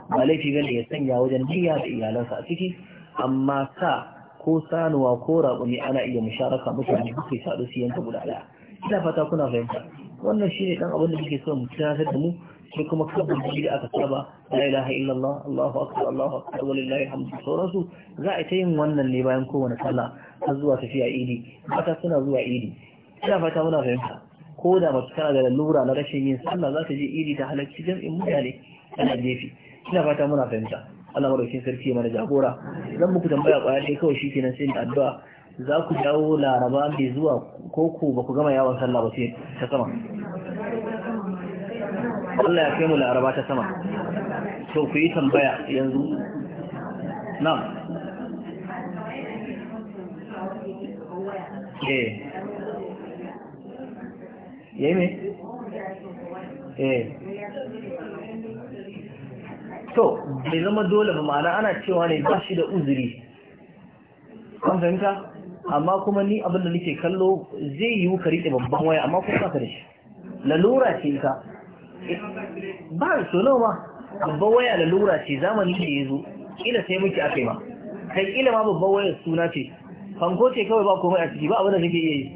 ba laifi ne ya sanya wajen niyya da iyalansa a ciki amma sa ko sanuwa ko raƙumi ana iya musharaka mutane ne, kuke sadu, su yanka guda ɗaya ina fata kuna fahimta wannan shine dan abin da muke so mu tunatar da mu sai kuma kabin da aka saba la ilaha illallah allahu akbar allahu akbar walillahi hamdu sauransu za a ta yin wannan ne bayan kowane sallah har zuwa tafiya idi Fata suna zuwa idi ina fata muna fahimta ko da mace tana da lura na rashin yin sallah za ta je iri ta halarci jam'in mutane ana gefe ina fata muna fahimta Allah madaukin sarki mana jagora zan muku tambaya kwaya ɗaya kawai shi kenan sai addu'a za ku dawo laraba mai zuwa ko ku ba ku gama yawon sallah ba sai ta sama Allah ya kai mu laraba ta sama to ku yi tambaya yanzu na'am eh yayi me eh to bai zama dole ba ma'ana ana cewa ne ba shi da uzuri kan fahimta amma kuma ni abin da nake kallo zai yi ka da babban waya amma kuma ka da shi lalura ce ka ba so nawa babban waya lalura ce zamani da ya zo kila sai muke aka yi ma kai kila ma babban waya suna ce fanko ce kawai ba komai a ciki ba abin da nake iya yi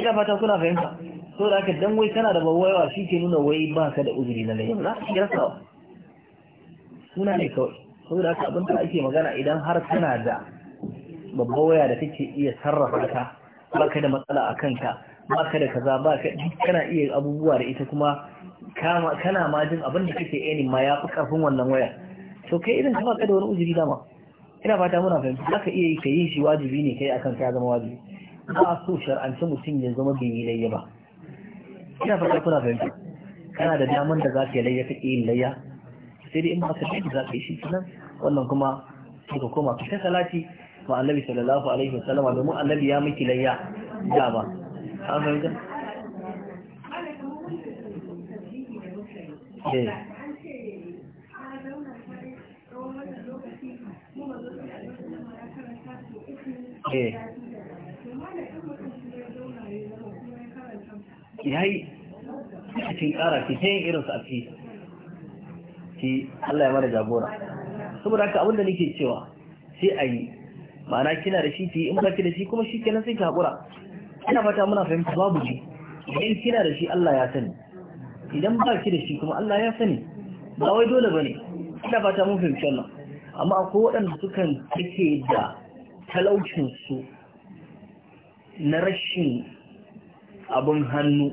ina fata suna fahimta so da haka dan wai kana da bawaiwa shi ke nuna wai ba ka da uzuri na laifin za ka kira sawa suna ne kawai saboda haka abin da ake magana idan har kana da babbar waya da kake iya sarrafa ta ba ka da matsala a kanka ba ka da kaza ba ka kana iya abubuwa da ita kuma kana ma jin abin da kake yi ma ya fi karfin wannan waya to kai idan ka baka da wani uzuri dama ina fata muna fahimta za ka iya yi ka yi shi wajibi ne kai akan ka zama wajibi ba so shar'anci mutum ya zama bai yi layya ba ya ina fata kuna fahimta kana da daman da za ka yi layya ta ƙi layya sai dai in ba ka da za ka yi shi kenan wannan kuma sai ka koma fita salati ma annabi sallallahu alaihi wa sallama domin annabi ya miki layya da ba an fahimta eh, eh. yayi cikin ƙara ki ta yin su a fi ki Allah ya mara jagora saboda haka abinda nake cewa sai a yi ma'ana kina da shi ki in ba ki da shi kuma shi kenan sai ki haƙura ina fata muna fahimta babu ji idan kina da shi Allah ya sani idan ba ki da shi kuma Allah ya sani ba wai dole bane ina fata mun fahimci wannan amma akwai waɗanda sukan take da su na rashin abin hannu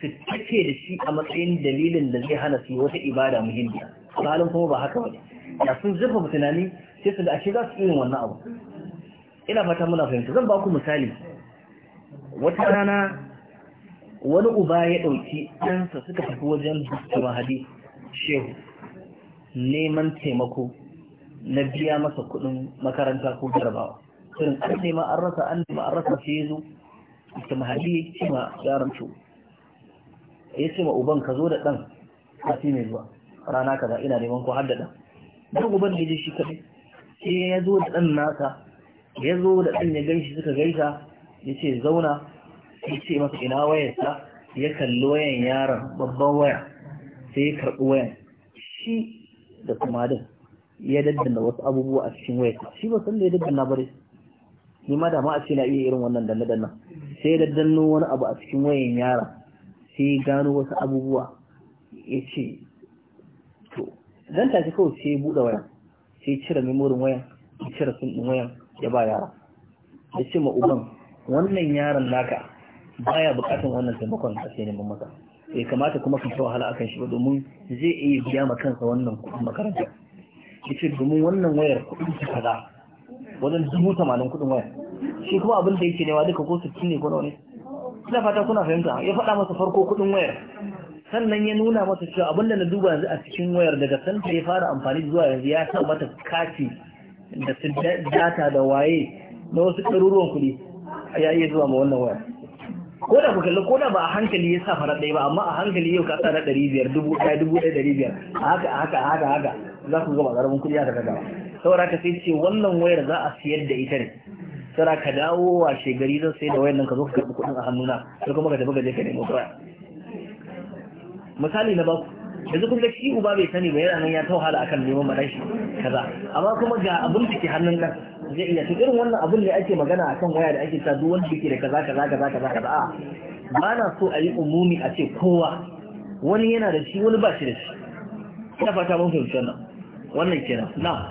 su take da shi a matsayin dalilin da zai hana su wata ibada muhimmiya halin kuma ba haka wani ya sun zurfa tunani sai su da ashe za su irin wannan abu ina fata muna fahimta zan ba ku misali wata rana wani uba ya ɗauki ɗansa suka tafi wajen mahadi shehu neman taimako na biya masa kuɗin makaranta ko jarabawa turin an nema an rasa an nema an rasa ya zo ita mahadi ya ma yaran su ya ce ma uban ka zo da ɗan sati mai zuwa rana kaza ina neman ko har da ɗan dan uban ya je shi kaɗai sai ya zo da ɗan nasa ya zo da ɗan ya gaishe suka gaisa ya ce zauna ya ce masa ina wayarsa ya kalli wayan yaron babban waya sai ya karɓi wayan shi da kuma din ya daddana wasu abubuwa a cikin wayarsa shi ba san da ya daddana bare ni ma da ma a ce na iya irin wannan danne dannan sai da danno wani abu a cikin wayan yara sai gano wasu abubuwa ya ce to dan tashi kawai sai buɗe wayan sai cire memorin wayan ya cire sun ɗin wayan ya ba yara ya ce ma uban wannan yaron naka baya bukatan wannan taimakon a sai neman masa bai kamata kuma ka ta wahala akan shi ba domin zai iya biya ma kansa wannan kuɗin makaranta ya ce domin wannan wayar kuɗin ta kaza wajen dubu tamanin kudin waya shi kuma abin da yake newa duka ko sittin ne ko nawa wani ina fata kuna fahimta ya faɗa masa farko kudin wayar sannan ya nuna masa cewa abin da na duba yanzu a cikin wayar daga san ya fara amfani zuwa yanzu ya sa mata kati da su data da waye na wasu ɗaruruwan kuɗi ya iya zuwa ma wannan wayar ko da kuka ko da ba a hankali ya sa fara ɗaya ba amma a hankali yau ka tsara ɗari biyar dubu ɗaya dubu ɗaya ɗari biyar a haka a haka a haka a haka za ku gaba ƙaramin kuɗi a daga gaba saura ka sai ce wannan wayar za a siyar da ita ne saboda ka dawo wa shegari zan sai da wayar nan ka zo ka karɓi kuɗin a hannuna sai kuma ka tafi gaje ka nemo kawai misali na baku yanzu kun ga shi uba bai sani ba yana nan ya ta wahala akan neman madan kaza amma kuma ga abin da ke hannun nan zai iya to irin wannan abin ne ake magana akan waya da ake sa duk wanda yake da kaza kaza kaza kaza kaza a ba na so a yi umumi a ce kowa wani yana da shi wani ba shi da shi ina fata mun fahimci wannan wannan kenan na'am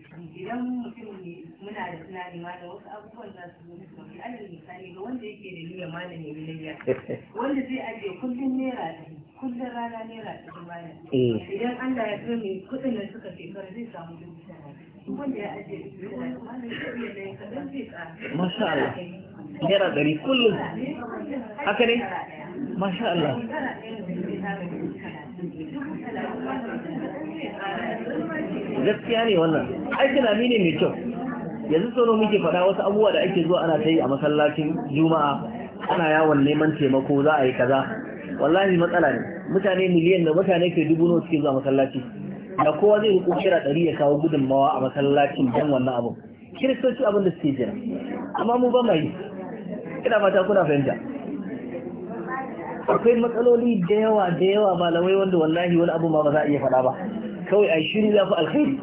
idan mutum muna da tunani ma da wasu abubuwan za su zo musu mafi alal misali ga wanda yake da niyyar malami da nemi wanda zai ajiye kullum naira ɗari kullum rana naira ɗari bayan. Eh. idan Allah ya zo mai kuɗin da suka shekara zai samu dubu wanda ya ajiye dubu ɗari malam zai iya da yanka don zai tsara. Masha Allah. Naira ɗari kullum. Haka ne? Masha Allah. gaskiya ne wannan ai tunani ne mai kyau yanzu tsoro muke faɗa wasu abubuwa da ake zuwa ana ta yi a masallacin juma'a ana yawon neman taimako za a yi kaza wallahi matsala ne mutane miliyan da mutane ke dubu nawa suke zuwa masallaci da kowa zai hukun kira ɗari ya kawo gudunmawa a masallacin don wannan abu kiristoci abin da suke jira amma mu ba yi ina mata kuna fahimta akwai matsaloli da yawa da yawa malamai wanda wallahi wani abu ma ba za a iya faɗa ba kawai a shiru ya fi alkhairi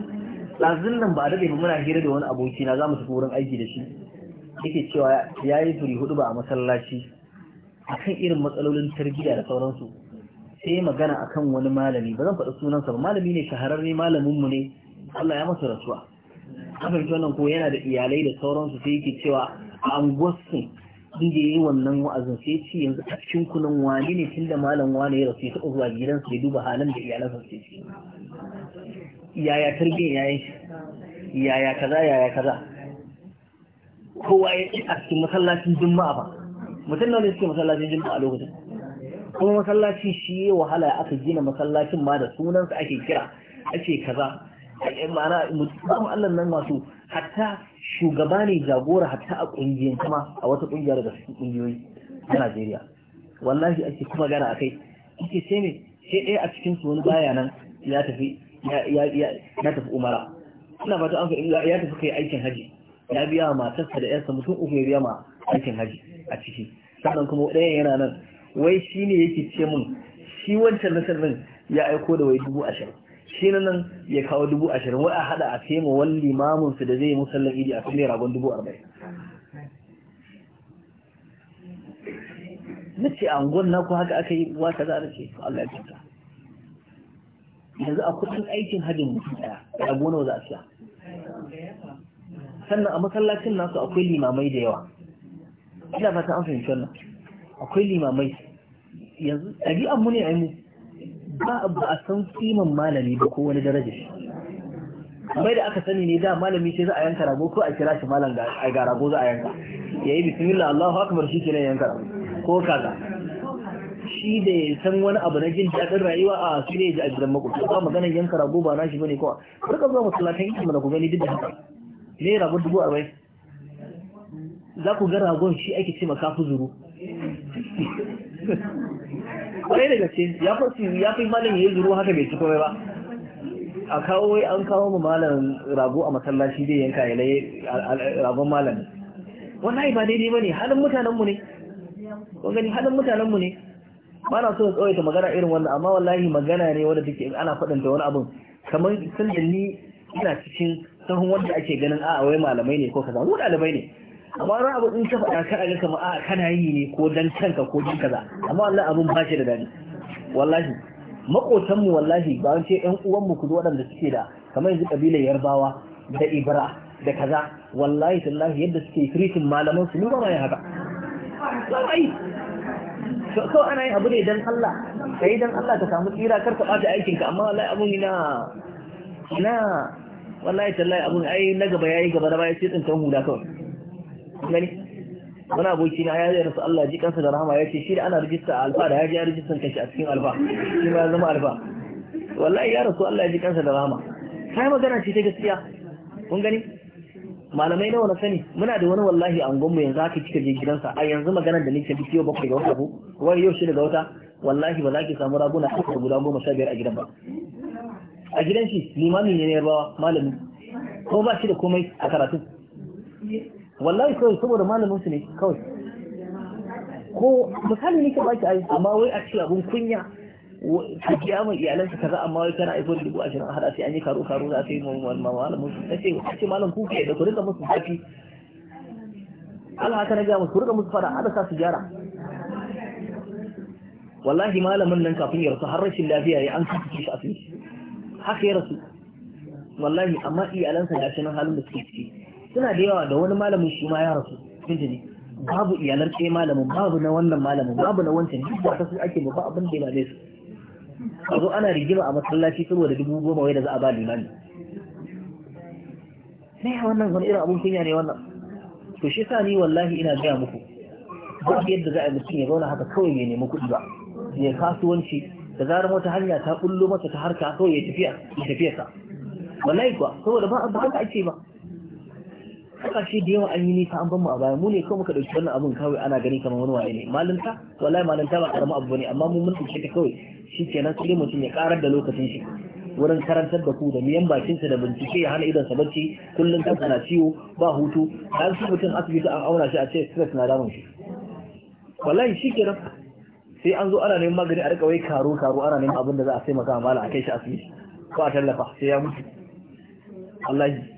lanzun nan ba daɗe ba muna hira da wani aboki na za mu tafi wurin aiki da shi yake cewa ya yi firi hudu ba a masallaci A kan irin matsalolin tarbiyya da sauransu sai magana a kan wani malami ba zan faɗi sunansa ba malami ne shahararre malaminmu ne Allah ya masa rasuwa kafin wannan ko yana da iyalai da sauransu sai yake cewa a angosin inda ya yi wannan wa'azin sai ce yanzu a cikin kunan wani ne tun da malam wani ya rasu ya taɓa zuwa gidansa ya duba halin da iyalansa suke ciki yaya tarbiyyar ya shi yaya kaza yaya kaza kowa ya ci a cikin masallacin juma'a ba mutum na ne suke masallacin juma'a a lokacin kuma masallaci shi wahala aka gina masallacin ma da sunansa ake kira ake kaza eh, ma'ana mutum Allah nan wato hatta shugaba ne jagora hatta a kungiyar kuma a wata kungiyar da suke kungiyoyi a Najeriya wallahi ake kuma gana akai ake sai ne sai ɗaya a cikin su wani baya nan ya tafi ya tafi umara ina fata an ya tafi kai aikin haji ya biya wa matarsa da yarsa mutum uku ya biya ma aikin haji a ciki sannan kuma ɗayan yana nan wai shi ne yake ce mun shi wancan nan ya aiko da wai dubu ashirin shi na nan ya kawo dubu ashirin wai a haɗa a tema wani limamin su da zai yi musallan idi a kan ragon dubu arba'in na ce a unguwar haka aka yi wa kaza na ce Allah ya kyauta yanzu a kudin aikin hajjin mutum ɗaya ya gona za a siya sannan a masallacin nasu akwai limamai da yawa ina fata an fahimci wannan akwai limamai yanzu ɗabi'an mu ne a mu ba ba a san kiman malami ba ko wani daraja Mai da aka sani ne da malami sai za a yanka rago ko a kira shi malam ga rago za a yanka yayi bismillah Allahu akbar shi kenan yanka rago ko kaza shi da ya san wani abu na jin daɗin rayuwa a su ne ji a gidan makwabta ba maganar yanka rago ba nashi bane kowa duka zuwa masallatan yi mana ku gani duk da haka ne rago dubu arba'in za ku ga ragon shi ake ce makafu zuru kwaye daga ce ya fi ya fi malam zuru haka bai ci komai ba a kawo wai an kawo mu malam rago a masallaci zai yanka ya laye ragon malam wallahi ba daidai bane halin mutanen mu ne kun gani halin mutanen mu ne bana so so tsawaita magana irin wannan amma wallahi magana ne wanda duke ana faɗin da wani abun kamar sun da ni ina cikin sahun wanda ake ganin a'a wai malamai ne ko kaza mu dalibai ne amma wani abu in ka faɗa ka ga kamar a'a kana yi ne ko dan kanka ko dan kaza amma wallahi abun ba shi da dadi wallahi makotan mu wallahi ba ce ƴan uwan mu kudu waɗanda suke da kamar yanzu kabilar yarbawa da ibra da kaza wallahi tallahi yadda suke treating malaman su ni ba ma haka kawai ana yin abu ne don Allah ka yi don Allah ka samu tsira kar ka ɓata aikinka amma wallahi abun ina ina wallahi tallahi abun ai na gaba yayi gaba da baya sai tsintan huda kawai gani wani aboki na ya rasu Allah ji kansa da rahama ya ce shi da ana rijista a alfa da ya ji ya rijistan kanshi a cikin alfa shi ma ya zama alfa wallahi ya rasu Allah ya ji kansa da rahama kai magana ce ta gaskiya kun gani malamai nawa na sani muna da wani wallahi a unguwanmu yanzu haka kika je gidansa a yanzu maganar da nake biki yau bakwai ga wata ko wai yau shida ga wata wallahi ba za ki samu raguna haka guda goma sha biyar a gidan ba a gidan shi limami ne na yarbawa malami ko ba shi da komai a karatu wallahi kawai saboda malamin su ne kawai ko misali ne ka baki ai amma wai a cikin abun kunya ka biya mai iyalansa kaza amma wai kana aiko da dubu ashirin a hada sai an yi karo karo za ta yi malamin su nace ce malam kuka ke da ku rika musu zafi Allah haka na gaya musu ku rika musu fara hada sa su gyara wallahi malamin nan kafin ya rasu har rashin lafiya ya an kafa shi a haka ya rasu wallahi amma iyalansa ga shi nan halin da suke ciki suna da yawa da wani malamin shi ma ya rasu tuntuni babu iyalar ɗaya malamin babu na wannan malamin babu na wancan duk da kasu ake ba abin da ya su a zo ana rigima a masallaci saboda dubu goma wai da za a ba limani ne ya wannan wani irin abun kunya ne wannan to shi sa ni wallahi ina gaya muku ba yadda za a mutum ya zauna haka kawai bai nemi kuɗi ba ya kasuwanci da zarar wata hanya ta kullo mata ta harka kawai ya tafiya ya tafiya sa wallahi saboda ba haka ake ba shi da yawa an yi nisa an ban mu a baya mu ne kawai muka dauki wannan abun kawai ana gani kamar wani waye ne malinta wallahi malinta ba karamin abu bane. amma mun tsince ta kawai Shi kenan sai mutum ya karar da lokacin shi wurin karantar da ku da miyan bakin sa da bincike ya hana idan sa bacci kullum ta na ciwo ba hutu har su mutum asibiti an auna shi a ce stress na damun shi wallahi shi kenan sai an zo ana neman magani a rika wai karo karo ana neman abin da za a taimaka mala a kai shi asibiti ko a tallafa sai ya mutu wallahi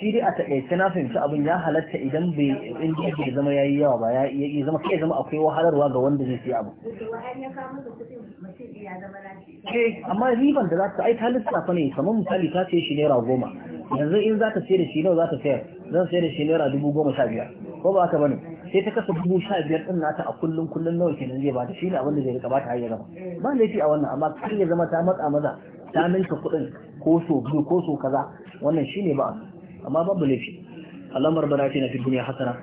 shi ta a taƙaice na fahimci abin ya halatta idan bai in da zama yayi yawa ba ya zama kai zama akwai wahalarwa ga wanda zai siya abu amma riban da za ta ai lissa lissafa ne kamar misali ta ce shi naira goma yanzu in za ta sayar da shi nawa za ta sayar zan sayar da shi naira dubu goma sha biyar ko ba haka bane sai ta kasa dubu sha biyar din nata a kullum kullum nawa kenan zai bata shi ne abin da zai rika bata har ya zama. ba laifi a wannan amma kar ya zama ta matsa maza ta ninka kuɗin ko so biyu ko so kaza wannan shine ba amma babu laifi اللهم ربنا اتنا في الدنيا حسنه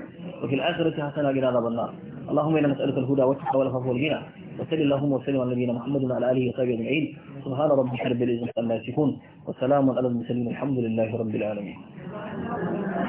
وفي الاخره حسنه وقنا عذاب النار اللهم انا نسالك الهدى والتقى والعفو والغنى وصل اللهم وسلم على نبينا محمد وعلى اله وصحبه اجمعين سبحان ربك رب العزه عما يصفون وسلام على المرسلين الحمد لله رب العالمين